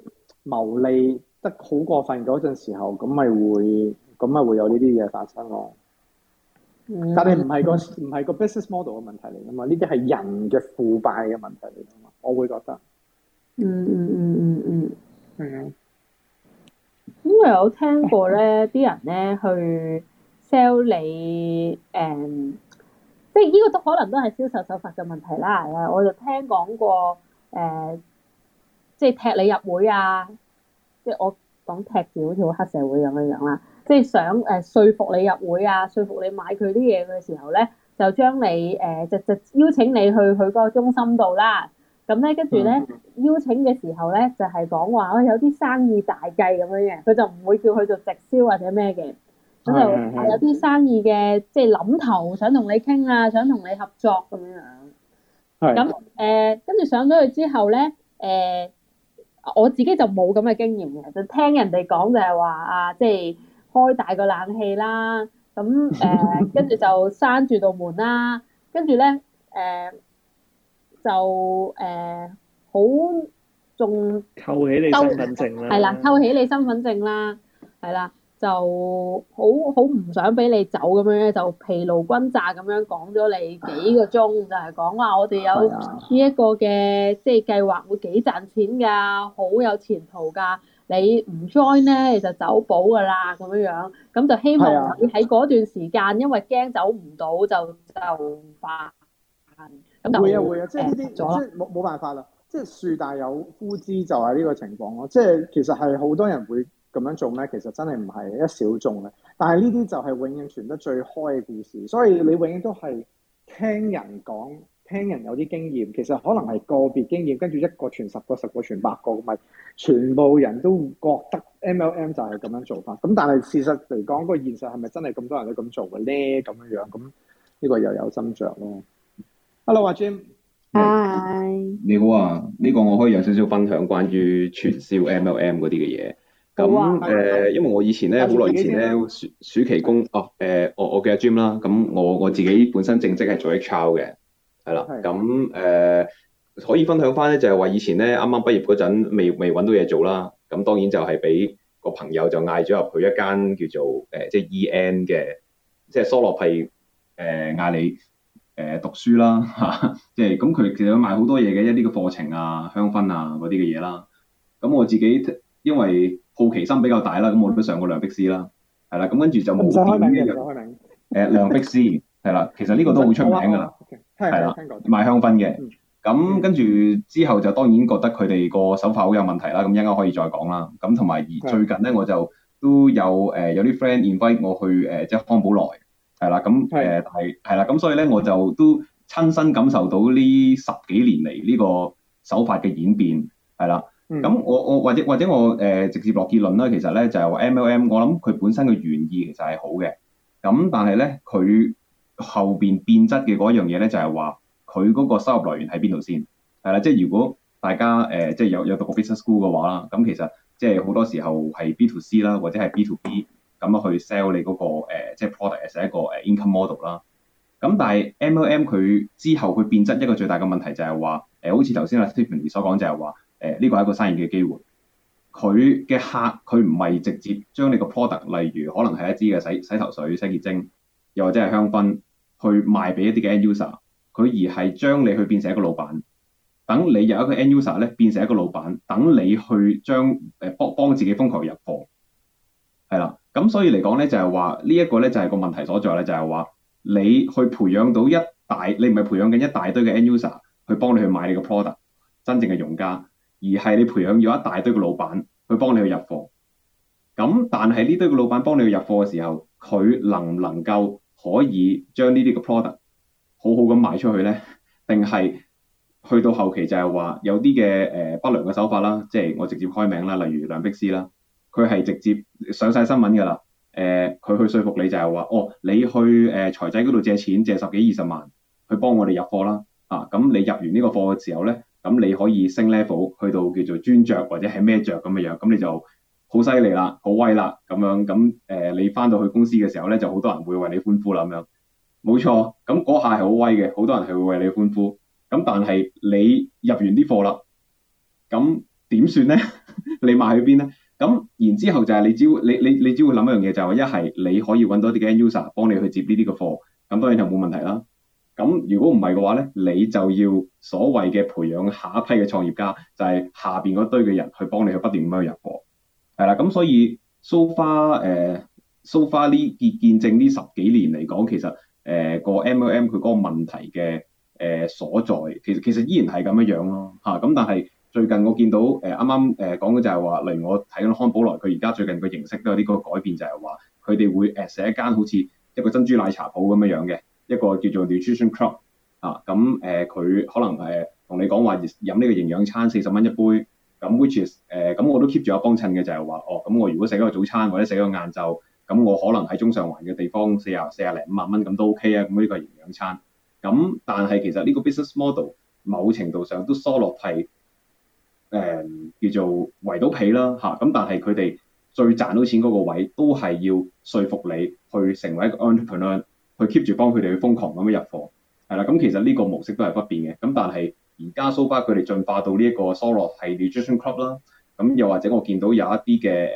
牟利得好過分嗰陣時候，咁咪會，咁咪會有呢啲嘢發生咯。但係唔係個唔係個 business model 嘅問題嚟㗎嘛？呢啲係人嘅腐敗嘅問題嚟㗎嘛？我會覺得。嗯嗯嗯嗯嗯，係、嗯、啊。咁、嗯嗯嗯嗯、我有聽過咧，啲人咧去 sell 你，誒、嗯，即係呢個都可能都係銷售手法嘅問題啦。係呀，我就聽講過，誒、嗯。即係踢你入會啊！即係我講踢字好似黑社會咁樣樣啦。即係想誒說服你入會啊，説服你買佢啲嘢嘅時候咧，就將你誒直直邀請你去佢嗰個中心度啦。咁咧跟住咧邀請嘅時候咧，就係講話有啲生意大計咁樣嘅，佢就唔會叫佢做直銷或者咩嘅。咁就有啲生意嘅即係諗頭，想同你傾啊，想同你合作咁樣樣。係。咁誒跟住上咗去之後咧誒。呃我自己就冇咁嘅經驗嘅，就聽人哋講就係話啊，即係開大個冷氣啦，咁誒跟住就閂住道門啦，跟住咧誒就誒好仲扣起你身份證啦，係啦， 扣起你身份證啦，係啦。就好好唔想俾你走咁樣咧，就疲勞轟炸咁樣講咗你幾個鐘，就係講話我哋有呢一個嘅即係計劃會幾賺錢㗎，好有前途㗎。你唔 join 咧，你就走寶㗎啦咁樣樣。咁就希望你喺嗰段時間，因為驚走唔到就就煩咁。會啊會啊，即係呢啲即係冇冇辦法啦。即係樹大有枯枝，就係呢個情況咯。即係其實係好多人會。咁樣做呢，其實真係唔係一小眾咧。但係呢啲就係永遠傳得最開嘅故事，所以你永遠都係聽人講，聽人有啲經驗，其實可能係個別經驗，跟住一個傳十個，十個傳八個，咪全部人都覺得 M L M 就係咁樣做法。咁但係事實嚟講，個現實係咪真係咁多人都咁做嘅呢？咁樣樣咁呢個又有增長咯。Hello，阿 Jim，嗨，Hi. 你好啊。呢、呢個我可以有少少分享關於傳銷 M L M 嗰啲嘅嘢。咁誒，因為我以前咧，好耐以前咧，暑暑期工哦，誒、 啊，我我嘅 gym 啦，咁、啊、我我自己本身正職係做啲 c h o 嘅，係啦，咁誒的、啊、可以分享翻咧，就係、是、話以前咧，啱啱畢業嗰陣，未未揾到嘢做啦，咁當然就係俾個朋友就嗌咗入去一間叫做誒即係 E N 嘅，即係蘇洛派誒嗌你誒讀書啦，嚇、 啊，即係咁佢其實賣好多嘢嘅一啲嘅課程啊、香薰啊嗰啲嘅嘢啦，咁我自己因為，好奇心比較大啦，咁我都上過梁碧斯啦，係啦，咁跟住就冇聊啲嘅，誒、呃、梁碧斯係啦，其實呢個都好出名㗎啦，係啦 的，賣香薰嘅，咁跟住之後就當然覺得佢哋個手法好有問題啦，咁一陣可以再講啦，咁同埋而最近咧我就都有誒、呃、有啲 friend invite 我去誒、呃、即係康寶萊係啦，咁誒係係啦，咁、呃、的所以咧我就都親身感受到呢十幾年嚟呢個手法嘅演變係啦。咁、嗯、我我或者或者我誒、呃、直接落結論啦，其實咧就係、是、話 MLM，我諗佢本身嘅原意其實係好嘅，咁但係咧佢後邊變質嘅嗰樣嘢咧就係話佢嗰個收入來源喺邊度先，係啦，即係如果大家誒、呃、即係有有讀過 business school 嘅話啦，咁其實即係好多時候係 B to C 啦，或者係 B to B 咁啊去 sell 你嗰、那個、呃、即係 product，係一個誒 income model 啦。咁但係 MLM 佢之後佢變質一個最大嘅問題就係話誒，好似頭先阿 Tiffany 所講就係話。誒呢個係一個生意嘅機會，佢嘅客佢唔係直接將你個 product，例如可能係一支嘅洗洗頭水、洗潔精，又或者係香薰，去賣俾一啲嘅 end user，佢而係將你去變成一個老闆，等你由一個 end user 咧變成一個老闆，等你去將誒幫幫自己瘋狂入貨，係啦，咁所以嚟講咧就係話呢一個咧就係個問題所在咧，就係話你去培養到一大，你唔係培養緊一大堆嘅 end user 去幫你去買你個 product，真正嘅用家。而係你培養咗一大堆嘅老闆去幫你去入貨，咁但係呢堆嘅老闆幫你去入貨嘅時候，佢能唔能夠可以將呢啲嘅 product 好好咁賣出去咧？定係去到後期就係話有啲嘅誒不良嘅手法啦，即係我直接開名啦，例如梁碧斯啦，佢係直接上晒新聞㗎啦。誒、呃，佢去説服你就係話，哦，你去誒、呃、財仔嗰度借錢，借十幾二十萬去幫我哋入貨啦。啊，咁你入完呢個貨嘅時候咧？咁你可以升 level 去到叫做專着或者係咩着咁嘅樣，咁你就好犀利啦，好威啦咁樣，咁、呃、誒你翻到去公司嘅時候咧，就好多人會為你歡呼啦咁樣。冇錯，咁嗰下係好威嘅，好多人係會為你歡呼。咁但係你入完啲貨啦，咁點算咧？ 你賣去邊咧？咁然之後就係你只要你你你只會諗一樣嘢，就係，就係一係你可以揾到啲 end user 幫你去接呢啲嘅貨，咁當然就冇問題啦。咁如果唔係嘅話咧，你就要所謂嘅培養下一批嘅創業家，就係、是、下邊嗰堆嘅人去幫你去不斷咁樣入貨，係啦。咁所以 so far 誒 so far 呢，見見證呢十幾年嚟講，其實誒個、呃、MLM 佢嗰個問題嘅誒、呃、所在，其實其實依然係咁樣樣咯嚇。咁、啊、但係最近我見到誒啱啱誒講嘅就係話，例如我睇緊康寶萊，佢而家最近個形式都有啲嗰個改變就，就係話佢哋會誒成一間好似一個珍珠奶茶鋪咁樣樣嘅。一個叫做 Nutrition Club 啊，咁誒佢可能誒同你講話飲呢個營養餐四十蚊一杯，咁 which is 誒、啊、咁、啊、我都 keep 住有幫襯嘅就係、是、話哦，咁我如果食一個早餐或者食一個晏晝，咁我可能喺中上環嘅地方四廿四廿零五萬蚊咁都 OK 啊，咁呢個營養餐。咁但係其實呢個 business model 某程度上都疏落係誒、啊、叫做圍到皮啦嚇，咁、啊、但係佢哋最賺到錢嗰個位都係要說服你去成為一個 entrepreneur。去 keep 住幫佢哋去瘋狂咁樣入貨，係啦。咁其實呢個模式都係不變嘅。咁但係而家 so far 佢哋進化到呢一個 Solo 係 Nutrition Club 啦。咁又或者我見到有一啲嘅誒誒誒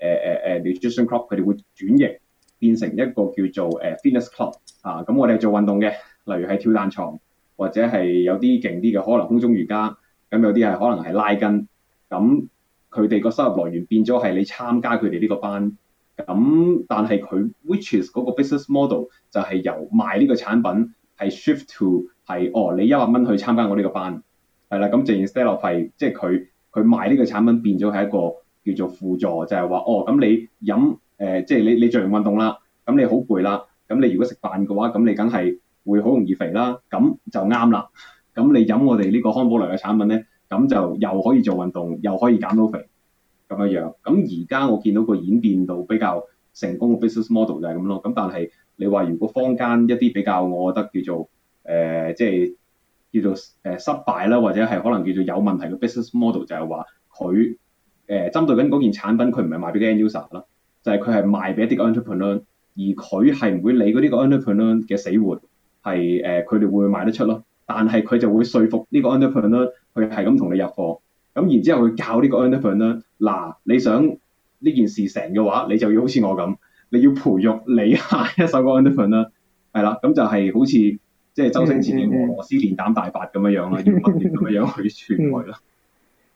誒 Nutrition Club 佢哋會轉型變成一個叫做誒 Fitness Club 啊。咁我哋係做運動嘅，例如係跳彈床，或者係有啲勁啲嘅可能空中瑜伽。咁有啲係可能係拉筋。咁佢哋個收入來源變咗係你參加佢哋呢個班。咁但係佢 which is 嗰個 business model 就係由賣呢個產品係 shift to 係，哦你一百蚊去參加我呢個班，係啦。咁淨然 sell 落係，即係佢佢賣呢個產品變咗係一個叫做輔助就係、是、話哦，咁你飲誒、呃、即係你你做完運動啦，咁你好攰啦，咁你如果食飯嘅話，咁你梗係會好容易肥啦，咁就啱啦，咁你飲我哋呢個康寶萊嘅產品咧，咁就又可以做運動又可以減到肥。咁樣樣，咁而家我見到個演變到比較成功嘅 business model 就係咁咯。咁但係你話如果坊間一啲比較，我覺得叫做誒，即係叫做誒失敗啦，或者係可能叫做有問題嘅 business model 就係話佢誒針對緊嗰件產品佢唔係賣俾 end user 啦，就係佢係賣俾一啲 entrepreneur，而佢係唔會理嗰啲個 entrepreneur 嘅死活，係誒佢哋會唔會賣得出咯？但係佢就會說服呢個 entrepreneur 佢係咁同你入貨。咁然之後，佢教呢個 underfund 啦、er, 啊。嗱，你想呢件事成嘅話，你就要好似我咁，你要培育你下一手個 underfund 啦。係、啊、啦，咁就係好似即係周星馳嘅《俄羅斯連膽大法》咁樣樣啦，要乜嘢咁樣去傳代啦。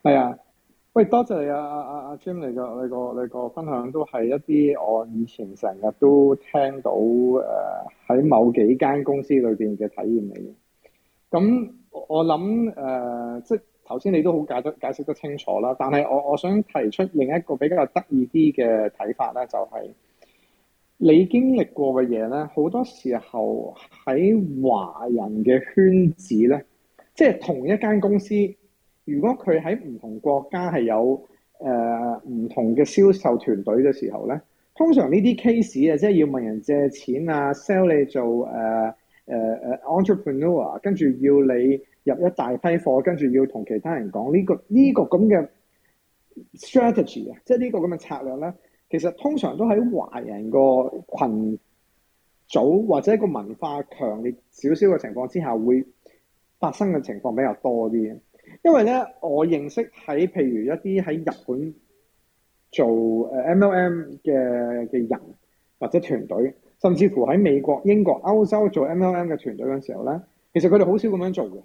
係啊，喂，多謝你啊啊啊啊，Jim，你個你個你個分享都係一啲我以前成日都聽到誒、啊、喺某幾間公司裏邊嘅體驗嚟嘅。咁、嗯、我諗誒、呃、即頭先你都好解得解釋得清楚啦，但係我我想提出另一個比較得意啲嘅睇法咧，就係、是、你經歷過嘅嘢咧，好多時候喺華人嘅圈子咧，即係同一間公司，如果佢喺唔同國家係有誒唔、呃、同嘅銷售團隊嘅時候咧，通常呢啲 case 啊，即係要問人借錢啊，sell 你做誒誒誒 entrepreneur，跟住要你，入一大批貨，跟住要同其他人講呢個呢個咁嘅 strategy 啊，即係呢個咁嘅策略呢。其實通常都喺華人個群組或者一個文化強烈少少嘅情況之下，會發生嘅情況比較多啲。因為呢，我認識喺譬如一啲喺日本做誒 M L M 嘅嘅人或者團隊，甚至乎喺美國、英國、歐洲做 M L M 嘅團隊嘅時候呢，其實佢哋好少咁樣做嘅。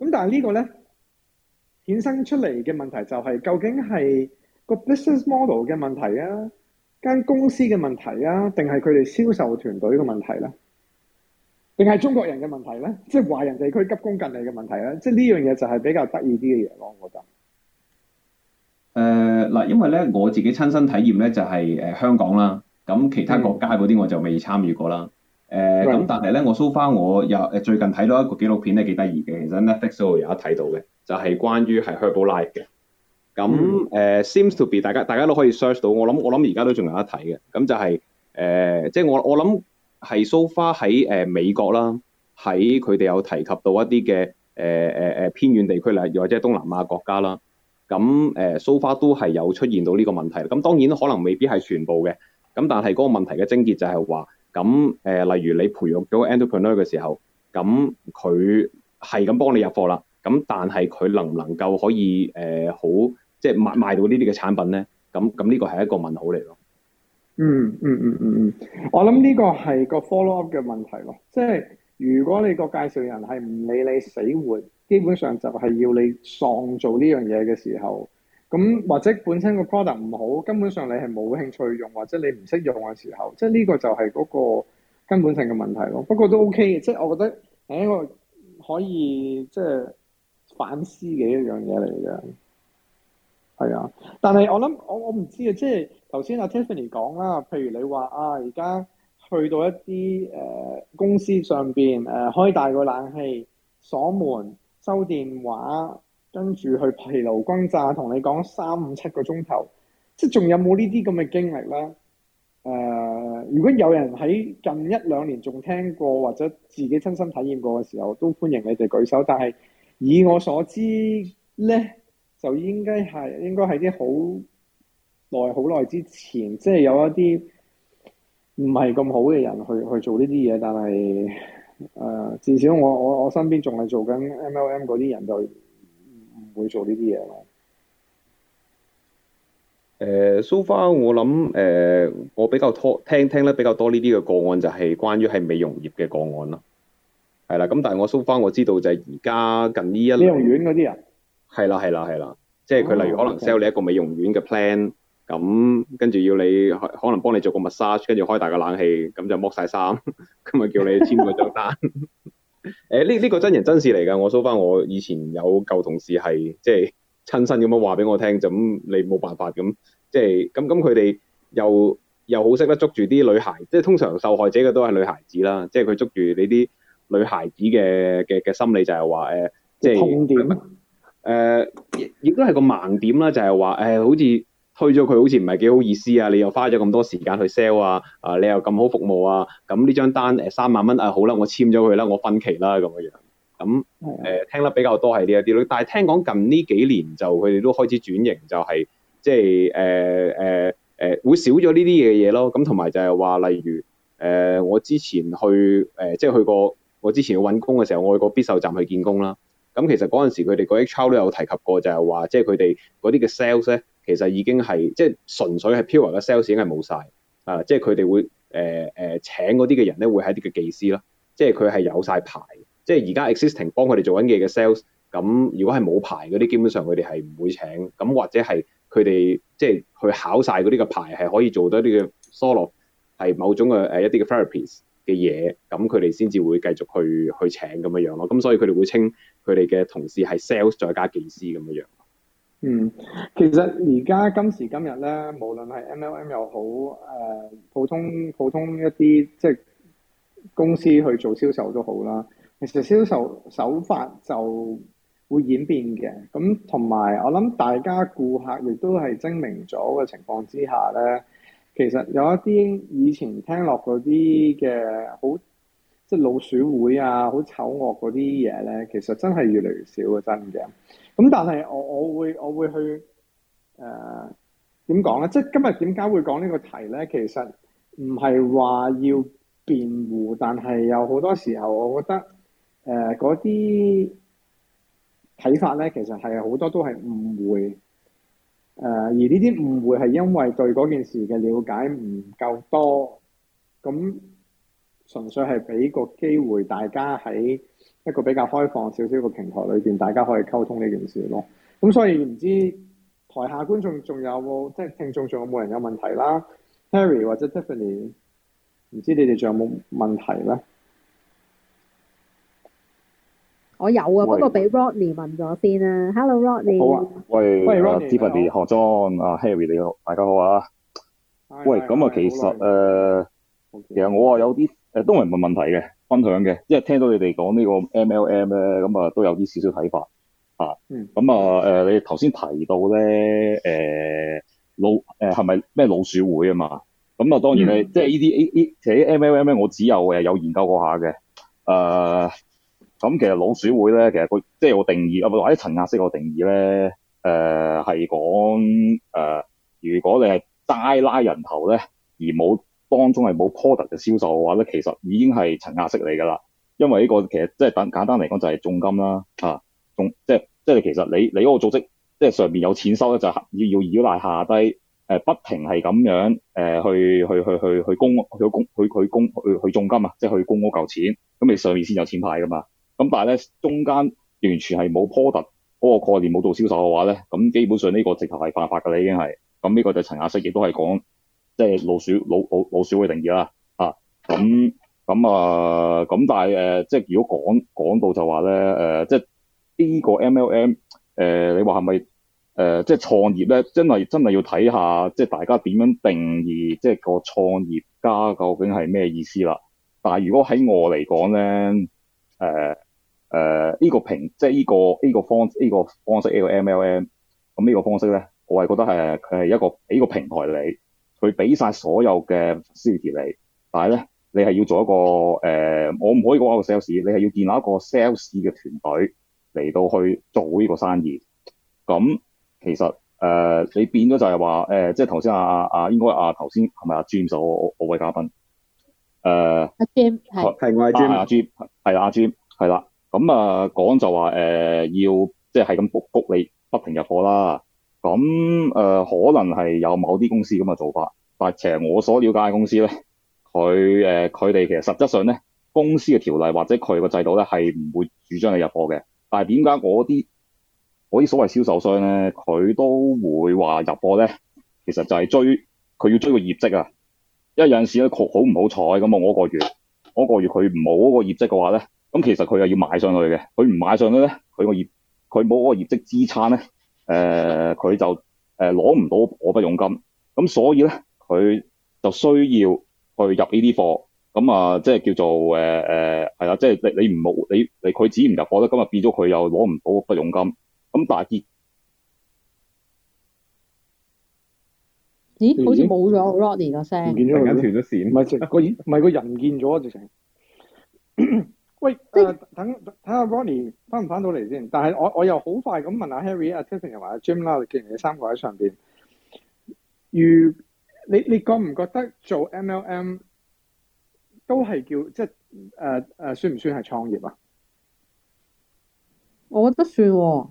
咁但係呢個咧衍生出嚟嘅問題就係、係、究竟係個 business model 嘅問題啊，間公司嘅問題啊，定係佢哋銷售團隊嘅問題咧？定係中國人嘅問題咧？即係華人地區急功近利嘅問題咧？即係呢樣嘢就係比較得意啲嘅嘢咯，我覺得。誒嗱，因為咧我自己親身體驗咧就係、係、誒、呃、香港啦，咁其他國家嗰啲我就未參與過啦。嗯誒咁，嗯、但係咧， 我 so far 我又誒最近睇到一個紀錄片咧，幾得意嘅。 其實 Netflix 都有得睇到嘅，就係、是、關於係 Herbalife 嘅。咁誒、 uh，seems to be 大家大家都可以 search 到。我諗我諗而家都仲有得睇嘅。咁就係、是、誒，即、呃、係、就是、我我諗係 so far 喺誒美國啦，喺佢哋有提及到一啲嘅誒誒誒偏遠地區啦，或者東南亞國家啦。咁誒 so far 都係有出現到呢個問題。咁當然可能未必係全部嘅。咁但係嗰個問題嘅症結就係話。咁誒、呃，例如你培育咗 entrepreneur 嘅時候，咁佢係咁幫你入貨啦。咁但係佢能唔能夠可以誒、呃、好，即係賣賣到呢啲嘅產品咧？咁咁呢個係一個問號嚟咯、嗯。嗯嗯嗯嗯嗯，嗯我諗呢個係個 follow up 嘅問題咯。即、就、係、是、如果你個介紹人係唔理你死活，基本上就係要你喪做呢樣嘢嘅時候。咁或者本身個 product 唔好，根本上你係冇興趣用，或者你唔識用嘅時候，即係呢個就係嗰個根本性嘅問題咯。不過都 OK 嘅，即係我覺得，係一個可以即係反思嘅一樣嘢嚟嘅。係啊，但係我諗我我唔知啊，即係頭先阿 Tiffany 講啦，譬如你話啊，而家去到一啲誒、呃、公司上邊誒開大個冷氣鎖門收電話。跟住去疲勞轟炸，同你講三五七個鐘頭，即仲有冇呢啲咁嘅經歷咧？誒、uh，如果有人喺近一兩年仲聽過或者自己親身體驗過嘅時候，都歡迎你哋舉手。但係以我所知呢，就應該係應該係啲好耐好耐之前，即係有一啲唔係咁好嘅人去去做呢啲嘢，但係誒，uh, 至少我我我身邊仲係做緊 MLM 嗰啲人就唔會做呢啲嘢咯。誒、uh, so，so far 我諗，誒，我比較多聽聽得比較多呢啲嘅個案，就係關於係美容業嘅個案咯。係啦，咁但係我 so far、so、我知道就係而家近呢一美容院嗰啲人，係啦，係啦係啦，即係佢例如可能 sell 你一個美容院嘅 plan，咁跟住要你可能幫你做個 massage，跟住開大個冷氣，咁就剝晒衫，咁咪叫你簽個張單。 誒，呢呢、呃這個這個真人真事嚟㗎，我數返我以前有舊同事係即係親身咁樣話俾我聽，就咁你冇辦法咁，即係咁咁佢哋又又好識得捉住啲女孩，即係通常受害者嘅都係女孩子啦，即係佢捉住你啲女孩子嘅嘅嘅心理就係話誒，呃、即係痛點誒，亦、呃、都係個盲點啦，就係話誒，好似。推咗佢好似唔係幾好意思啊！你又花咗咁多時間去 sell 啊，啊你又咁好服務啊，咁呢張單誒三萬蚊啊好啦，我簽咗佢啦，我分期啦咁樣樣。咁誒、啊、聽得比較多係呢一啲咯，但係聽講近呢幾年就佢哋都開始轉型，就係，就係即係誒誒誒會少咗呢啲嘢嘢咯。咁同埋就係話，例如誒、呃、我之前去誒即係去過，我之前去揾工嘅時候，我去過必瘦站去見工啦。咁其實嗰陣時佢哋嗰啲 HR 都有提及過就，就係、係、話即係佢哋嗰啲嘅 sales 咧。其實已經係即係純粹係 pure 嘅 sales 已經係冇晒啊！即係佢哋會誒誒、呃呃、請嗰啲嘅人咧，會係一啲嘅技師啦。即係佢係有晒牌。即係而家 existing 幫佢哋做緊嘢嘅 sales。咁如果係冇牌嗰啲，基本上佢哋係唔會請。咁或者係佢哋即係去考晒嗰啲嘅牌，係可以做到一啲嘅 solo，係某種嘅誒、呃、一啲嘅 therapies 嘅嘢。咁佢哋先至會繼續去去請咁嘅樣咯。咁所以佢哋會稱佢哋嘅同事係 sales 再加技師咁嘅樣。嗯，其實而家今時今日咧，無論係 MLM 又好，誒、呃，普通普通一啲即係公司去做銷售都好啦。其實銷售手法就會演變嘅，咁同埋我諗大家顧客亦都係精明咗嘅情況之下咧，其實有一啲以前聽落嗰啲嘅好即係老鼠會啊，好醜惡嗰啲嘢咧，其實真係越嚟越少嘅，真嘅。咁但係我我會我會去誒點講咧？即係今日點解會講呢個題咧？其實唔係話要辯護，但係有好多時候，我覺得誒嗰啲睇法咧，其實係好多都係誤會誒、呃。而呢啲誤會係因為對嗰件事嘅了解唔夠多，咁純粹係俾個機會大家喺。一個比較開放少少嘅平台裏邊，大家可以溝通呢件事咯。咁所以唔知台下觀眾仲有冇，即係聽眾仲有冇人有問題啦？Harry 或者 Tiffany，唔知你哋仲有冇問題咧？我有啊，不過俾 Rodney 問咗先啊。Hello Rodney。好啊。喂，Tiffany 何莊啊，Harry 你好，大家好啊。喂，咁啊，其實誒，其實我啊有啲誒都唔問問題嘅。分享嘅，因為聽到你哋講呢個 MLM 咧，咁啊都有啲少少睇法啊。咁啊，誒你頭先提到咧，誒、欸、老誒係咪咩老鼠會啊嘛？咁啊，當然係，嗯、即係呢啲 A A 其實 MLM 咧，我只有誒有研究過下嘅。誒、啊、咁其實老鼠會咧，其實佢即係我定義啊，或者層壓式個定義咧，誒、呃、係講誒、呃，如果你係齋拉人頭咧，而冇，當中係冇 product 嘅銷售嘅話咧，其實已經係層壓式嚟㗎啦。因為呢個其實即係等簡單嚟講就係重金啦，嚇、啊、重即即係其實你你嗰個組織即係、就是、上面有錢收咧，就係、是、要要依賴下低，誒不停係咁樣誒、呃、去去去去去供去，去，去，去、就是、去供去去供去去重金啊，即係去供嗰嚿錢。咁你上面先有錢派㗎嘛？咁但係咧中間完全係冇 product 嗰個概念，冇做銷售嘅話咧，咁基本上呢個直頭係犯法㗎啦，已經係咁呢個就層壓式，亦都係講。即係老鼠老老老鼠會嘅定義啦，啊咁咁啊咁，但係誒、呃，即係如果講講到就話咧，誒、呃，即係呢、這個 MLM、呃、你話係咪誒即係創業咧？真係真係要睇下，即係大家點樣定義，即係個創業家究竟係咩意思啦？但係如果喺我嚟講咧，誒誒呢個平，即係呢、這個呢、這個方呢、這個這個這個、個方式呢個 MLM，咁呢個方式咧，我係覺得係佢係一個呢、這個平台嚟。佢俾晒所有嘅 facility 你，但係咧，你係要做一個誒、呃，我唔可以講我係 sales，你係要建立一個 sales 嘅團隊嚟到去做呢個生意。咁其實誒、呃，你變咗就係話誒，即係頭先阿阿應該阿頭先係咪阿 Jim 就？我我位嘉賓誒，阿 Jim 係係我 Jim，阿 Jim 係啦，阿 Jim，係啦。咁啊，Jim，啊 Jim，講就話誒、呃，要即係咁谷谷你不停入貨啦。咁誒、呃，可能係有某啲公司咁嘅做法，但係其實我所了解嘅公司咧，佢誒佢哋其實實質上咧，公司嘅條例或者佢個制度咧，係唔會主張你入貨嘅。但係點解嗰啲嗰啲所謂銷售商咧，佢都會話入貨咧？其實就係追佢要追個業績啊！因為有陣時咧，佢好唔好彩咁啊？我嗰個月，嗰、嗰個月佢冇嗰個業績嘅話咧，咁其實佢又要買上去嘅。佢唔買上去咧，佢個業佢冇嗰個業績支撐咧。誒佢、呃、就誒攞唔到我筆佣金，咁、嗯、所以咧佢就需要去入呢啲貨，咁、嗯、啊即係叫做誒誒係啦，即係你你唔好，你你佢指唔入貨咧，咁咪變咗佢又攞唔到我筆佣金，咁、嗯、但係咦咦好似冇咗 Roddy 個聲，突然間斷咗線，唔係成個咦，唔係個人見咗直情。 喂，誒、呃、等等下 Ronnie 翻唔翻到嚟先？但係我我又好快咁問下 Harry、啊、阿 Tiffany 同阿 Jim 啦，你見唔見三個喺上邊？如你你覺唔覺得做 MLM 都係叫即係誒誒，算唔算係創業啊？呃呃、我覺得算喎。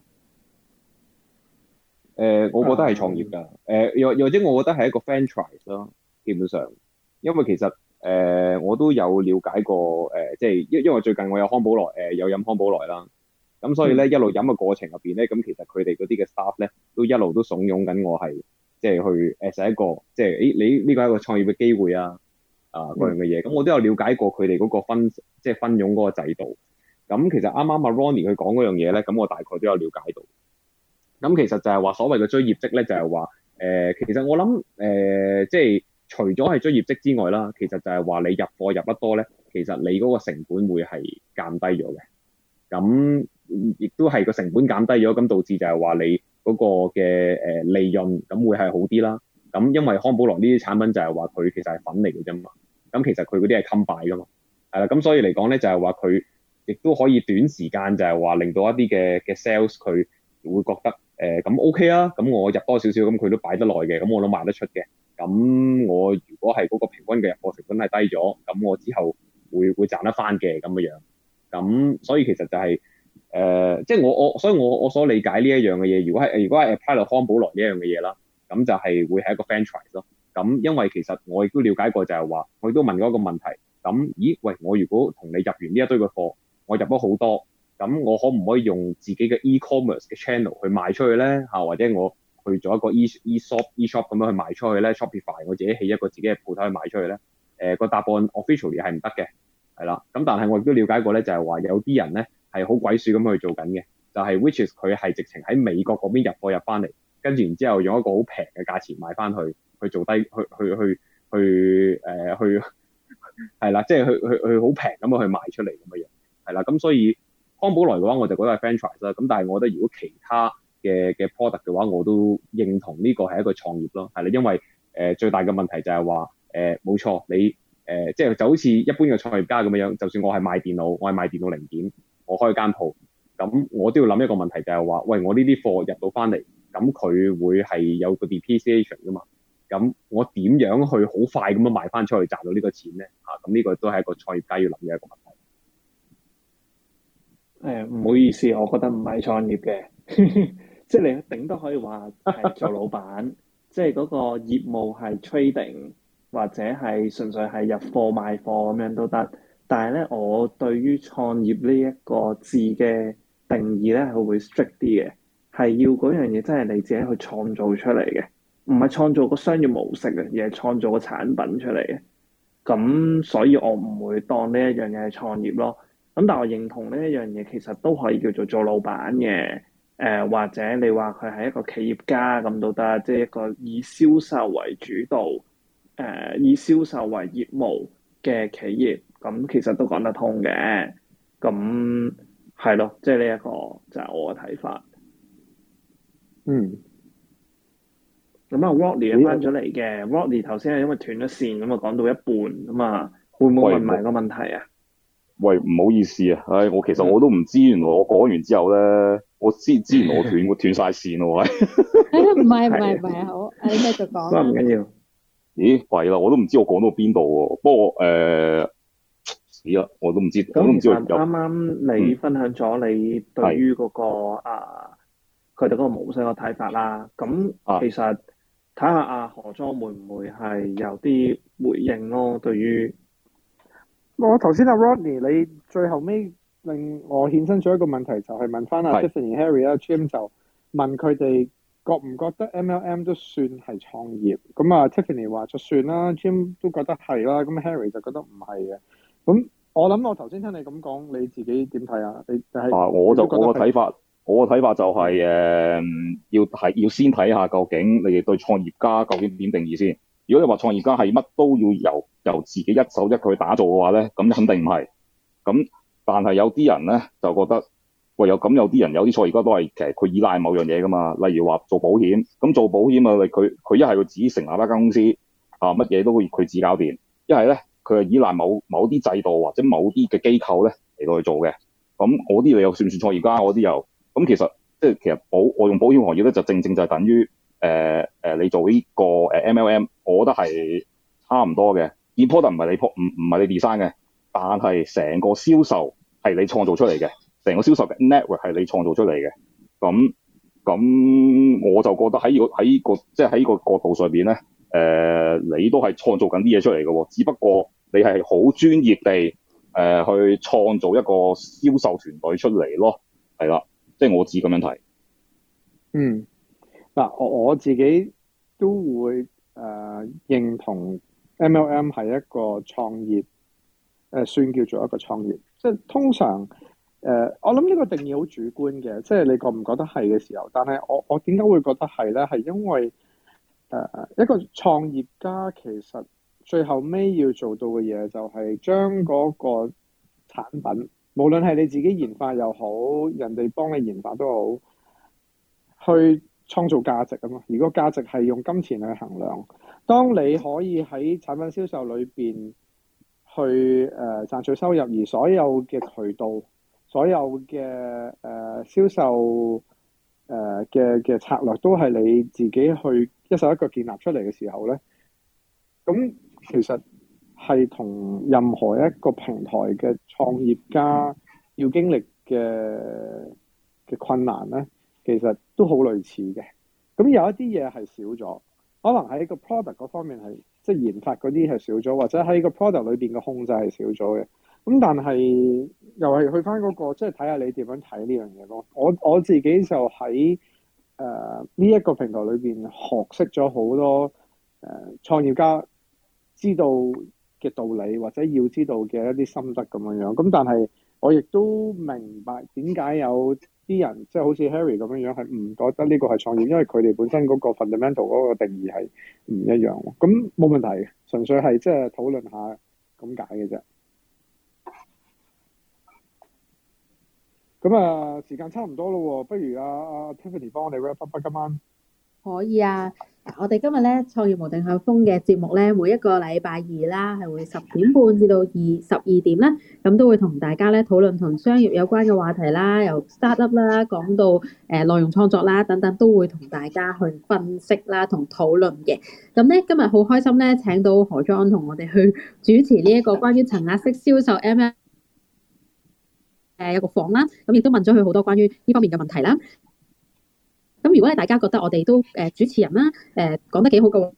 呃呃、我覺得係創業㗎。誒、呃，又、呃呃、或者我覺得係一個 franchise 咯，基本上，因為其實。誒、呃，我都有了解過，誒、呃，即係因因為最近我有康寶萊，誒、呃，有飲康寶萊啦，咁所以咧一路飲嘅過程入邊咧，咁其實佢哋嗰啲嘅 staff 咧，都一路都慫恿緊我係，即、就、係、是、去誒，寫一個，即係誒，你呢個係一個創業嘅機會啊，啊，嗰樣嘅嘢，咁、嗯、我都有了解過佢哋嗰個分，即、就、係、是、分傭嗰個制度，咁其實啱啱阿 Ronnie 佢講嗰樣嘢咧，咁我大概都有了解到，咁其實就係話所謂嘅追業績咧，就係、是、話，誒、呃，其實我諗，誒、呃，即係。除咗係追業績之外啦，其實就係話你入貨入得多咧，其實你嗰個成本會係減低咗嘅。咁亦都係個成本減低咗，咁導致就係話你嗰個嘅誒利潤咁會係好啲啦。咁因為康寶萊呢啲產品就係話佢其實係粉嚟嘅啫嘛。咁其實佢嗰啲係禁擺噶嘛。係啦，咁所以嚟講咧就係話佢亦都可以短時間就係話令到一啲嘅嘅 sales 佢會覺得誒咁、呃、OK 啊。咁我入多少少咁佢都擺得耐嘅，咁我都賣得出嘅。咁我如果係嗰個平均嘅入貨成本係低咗，咁我之後會會賺得返嘅咁嘅樣。咁所以其實就係、是、誒、呃，即係我我，所以我我所理解呢一樣嘅嘢，如果係如果係 apply 到康寶萊呢一樣嘅嘢啦，咁就係會係一個 franchise 咯。咁因為其實我亦都了解過就係、是、話，我亦都問過一個問題。咁咦喂，我如果同你入完呢一堆嘅貨，我入咗好多，咁我可唔可以用自己嘅 e-commerce 嘅 channel 去賣出去咧？嚇，或者我？去做一個 e e shop e shop 咁樣去賣出去咧，Shopify 我自己起一個自己嘅鋪頭去賣出去咧。誒、呃、個答案 officially 係唔得嘅，係啦。咁但係我亦都了解過咧，就係、是、話有啲人咧係好鬼鼠咁去做緊嘅，就係 which is 佢係直情喺美國嗰邊入貨入翻嚟，跟住然之後用一個好平嘅價錢賣翻去，去做低去去去去誒、呃、去係啦，即係、就是、去去去好平咁去賣出嚟咁嘅樣，係啦。咁所以康寶萊嘅話我就覺得係 franchise 啦。咁但係我覺得如果其他，嘅嘅 product 嘅話，我都認同呢個係一個創業咯，係啦，因為誒、呃、最大嘅問題就係話誒冇錯，你誒、呃、即係就好似一般嘅創業家咁樣樣，就算我係賣電腦，我係賣電腦零件，我開間鋪，咁我都要諗一個問題就係話，喂，我呢啲貨入到翻嚟，咁佢會係有個 depreciation 噶嘛，咁我點樣去好快咁樣賣翻出去賺到呢個錢咧？嚇、啊，咁呢個都係一個創業家要諗嘅一個問題。誒唔、哎、好意思， 我覺得唔係創業嘅。 即係你頂都可以話係做老闆， 即係嗰個業務係 trading 或者係純粹係入貨賣貨咁樣都得。但係咧，我對於創業呢一個字嘅定義咧，係會 strict 啲嘅，係要嗰樣嘢真係你自己去創造出嚟嘅，唔係創造個商業模式啊，而係創造個產品出嚟嘅。咁所以我唔會當呢一樣嘢係創業咯。咁但係我認同呢一樣嘢，其實都可以叫做做老闆嘅。誒、呃、或者你話佢係一個企業家咁都得，即係一個以銷售為主導，誒、呃、以銷售為業務嘅企業，咁、嗯、其實都講得通嘅。咁係咯，即係呢一個就係我嘅睇法。嗯。咁啊 Rodney 翻咗嚟嘅 Rodney 頭先係因為斷咗線咁啊，講到一半啊嘛、嗯，會唔會問埋個問題啊？喂，唔好意思啊，唉，我其實我都唔知，原來我講完之後咧，我知之前我斷，我 斷曬線咯，喂。唔係唔係唔係，我係繼續講。唔緊要。咦？弊啦，我都唔知我講到邊度喎。不過誒，死、呃、啦，我都唔知，我都唔知。啱啱你分享咗你對於嗰、那個的啊佢哋嗰個模式個睇法啦。咁其實睇下啊何莊妹妹會唔會係有啲回應咯？對於我頭先阿 Rodney 你最後尾令我衍生咗一個問題，就係、是、問翻阿 Tiffany 是 Harry 啊、Jim 就問佢哋覺唔覺得 M.L.M 都算係創業？咁啊，Tiffany 話就算啦，Jim 都覺得係啦，咁 Harry 就覺得唔係嘅。咁我諗我頭先聽你咁講，你自己點睇啊？你係、就、啊、是，我就我個睇法，我個睇法就係、是、誒、呃，要係要先睇下究竟你哋對創業家究竟點定義先。如果你話創業家係乜都要由由自己一手一腳去打造嘅話咧，咁肯定唔係。咁但係有啲人咧就覺得喂，有咁有啲人有啲創業家都係其實佢依賴某樣嘢㗎嘛。例如話做保險，咁做保險啊，佢佢一係佢自己成立一間公司啊，乜嘢都會佢佢自己搞掂；一係咧佢係依賴某某啲制度或者某啲嘅機構咧嚟到去做嘅。咁我啲又算唔算創業家？我啲又咁其實即係其實保我用保險行業咧，就正正正就係等於誒誒、呃呃、你做呢個誒 MLM。M, 我覺得係差唔多嘅，import 唔係你 po 唔唔係你 design 嘅，但係成個銷售係你創造出嚟嘅，成個銷售嘅 network 係你創造出嚟嘅。咁咁我就覺得喺呢個喺呢個即係喺呢個角度上邊咧，誒、呃、你都係創造緊啲嘢出嚟嘅喎，只不過你係好專業地誒、呃、去創造一個銷售團隊出嚟咯，係啦，即、就、係、是、我只咁樣睇。嗯，嗱我我自己都會。誒、uh, 認同 MLM 係一個創業，誒、呃、算叫做一個創業。即係通常誒、呃，我諗呢個定義好主觀嘅，即係你覺唔覺得係嘅時候？但係我我點解會覺得係呢？係因為誒、呃、一個創業家其實最後尾要做到嘅嘢，就係將嗰個產品，無論係你自己研發又好，人哋幫你研發都好，去創造價值啊嘛！如果價值係用金錢去衡量，當你可以喺產品銷售裏邊去誒、呃、賺取收入，而所有嘅渠道、所有嘅誒、呃、銷售誒嘅嘅策略都係你自己去一手一腳建立出嚟嘅時候咧，咁其實係同任何一個平台嘅創業家要經歷嘅嘅困難咧。其實都好類似嘅，咁有一啲嘢係少咗，可能喺個 product 嗰方面係，即係研發嗰啲係少咗，或者喺個 product 裏邊嘅控制係少咗嘅。咁但係又係去翻嗰個，即係睇下你點樣睇呢樣嘢咯。我我自己就喺誒，呢一個平台裏邊學識咗好多誒，創業家知道嘅道理，或者要知道嘅一啲心得咁樣樣。咁但係我亦都明白點解有。啲人即係、就是、好似 Harry 咁樣樣，係唔覺得呢個係創業，因為佢哋本身嗰個 fundamental 嗰個定義係唔一樣。咁冇問題嘅，純粹係即係討論下咁解嘅啫。咁啊，時間差唔多咯，不如啊啊 Tiffany 幫我哋 wrap up 今晚。可以啊！我哋今日咧創業無定向瘋嘅節目咧，每一個禮拜二啦，係會十點半至到二十二點啦，咁都會同大家咧討論同商業有關嘅話題啦，由 startup 啦講到誒、呃、內容創作啦等等，都會同大家去分析啦同討論嘅。咁咧今日好開心咧，請到何莊同我哋去主持呢一個關於層壓式銷售 MLM，誒一個房啦。咁亦都問咗佢好多關於呢方面嘅問題啦。咁如果咧，大家覺得我哋都誒、呃、主持人啦，誒、呃、講得幾好嘅，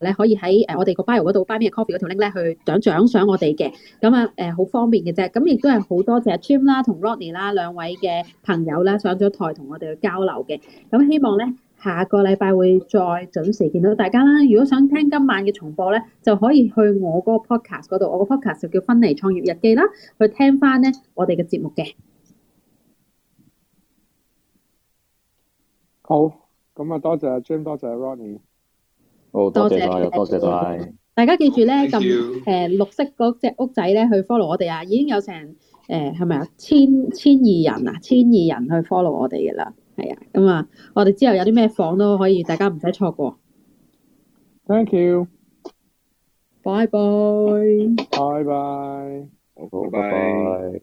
你可以喺誒、呃、我哋個 bio 嗰度 buy me coffee 嗰條 link 咧去獎獎賞我哋嘅，咁啊誒好方便嘅啫。咁亦都係好多謝阿 Tim 啦同 Ronny 啦兩位嘅朋友啦上咗台同我哋去交流嘅。咁希望咧下個禮拜會再準時見到大家啦。如果想聽今晚嘅重播咧，就可以去我嗰個 podcast 嗰度，我個 podcast 就叫芬妮創業日記啦，去聽翻咧我哋嘅節目嘅。好，咁啊多謝阿 Jim 多謝阿 Ronnie，好，oh, 多謝多謝晒，多謝大家，大家記住咧，咁誒 Thank you.、呃、綠色嗰隻屋仔咧去 follow 我哋啊，已經有成誒係咪啊千千二人啊千二人去 follow 我哋噶啦，係啊，咁、嗯、啊我哋之後有啲咩房都可以，大家唔使錯過。Thank you，拜拜，拜拜，好好拜。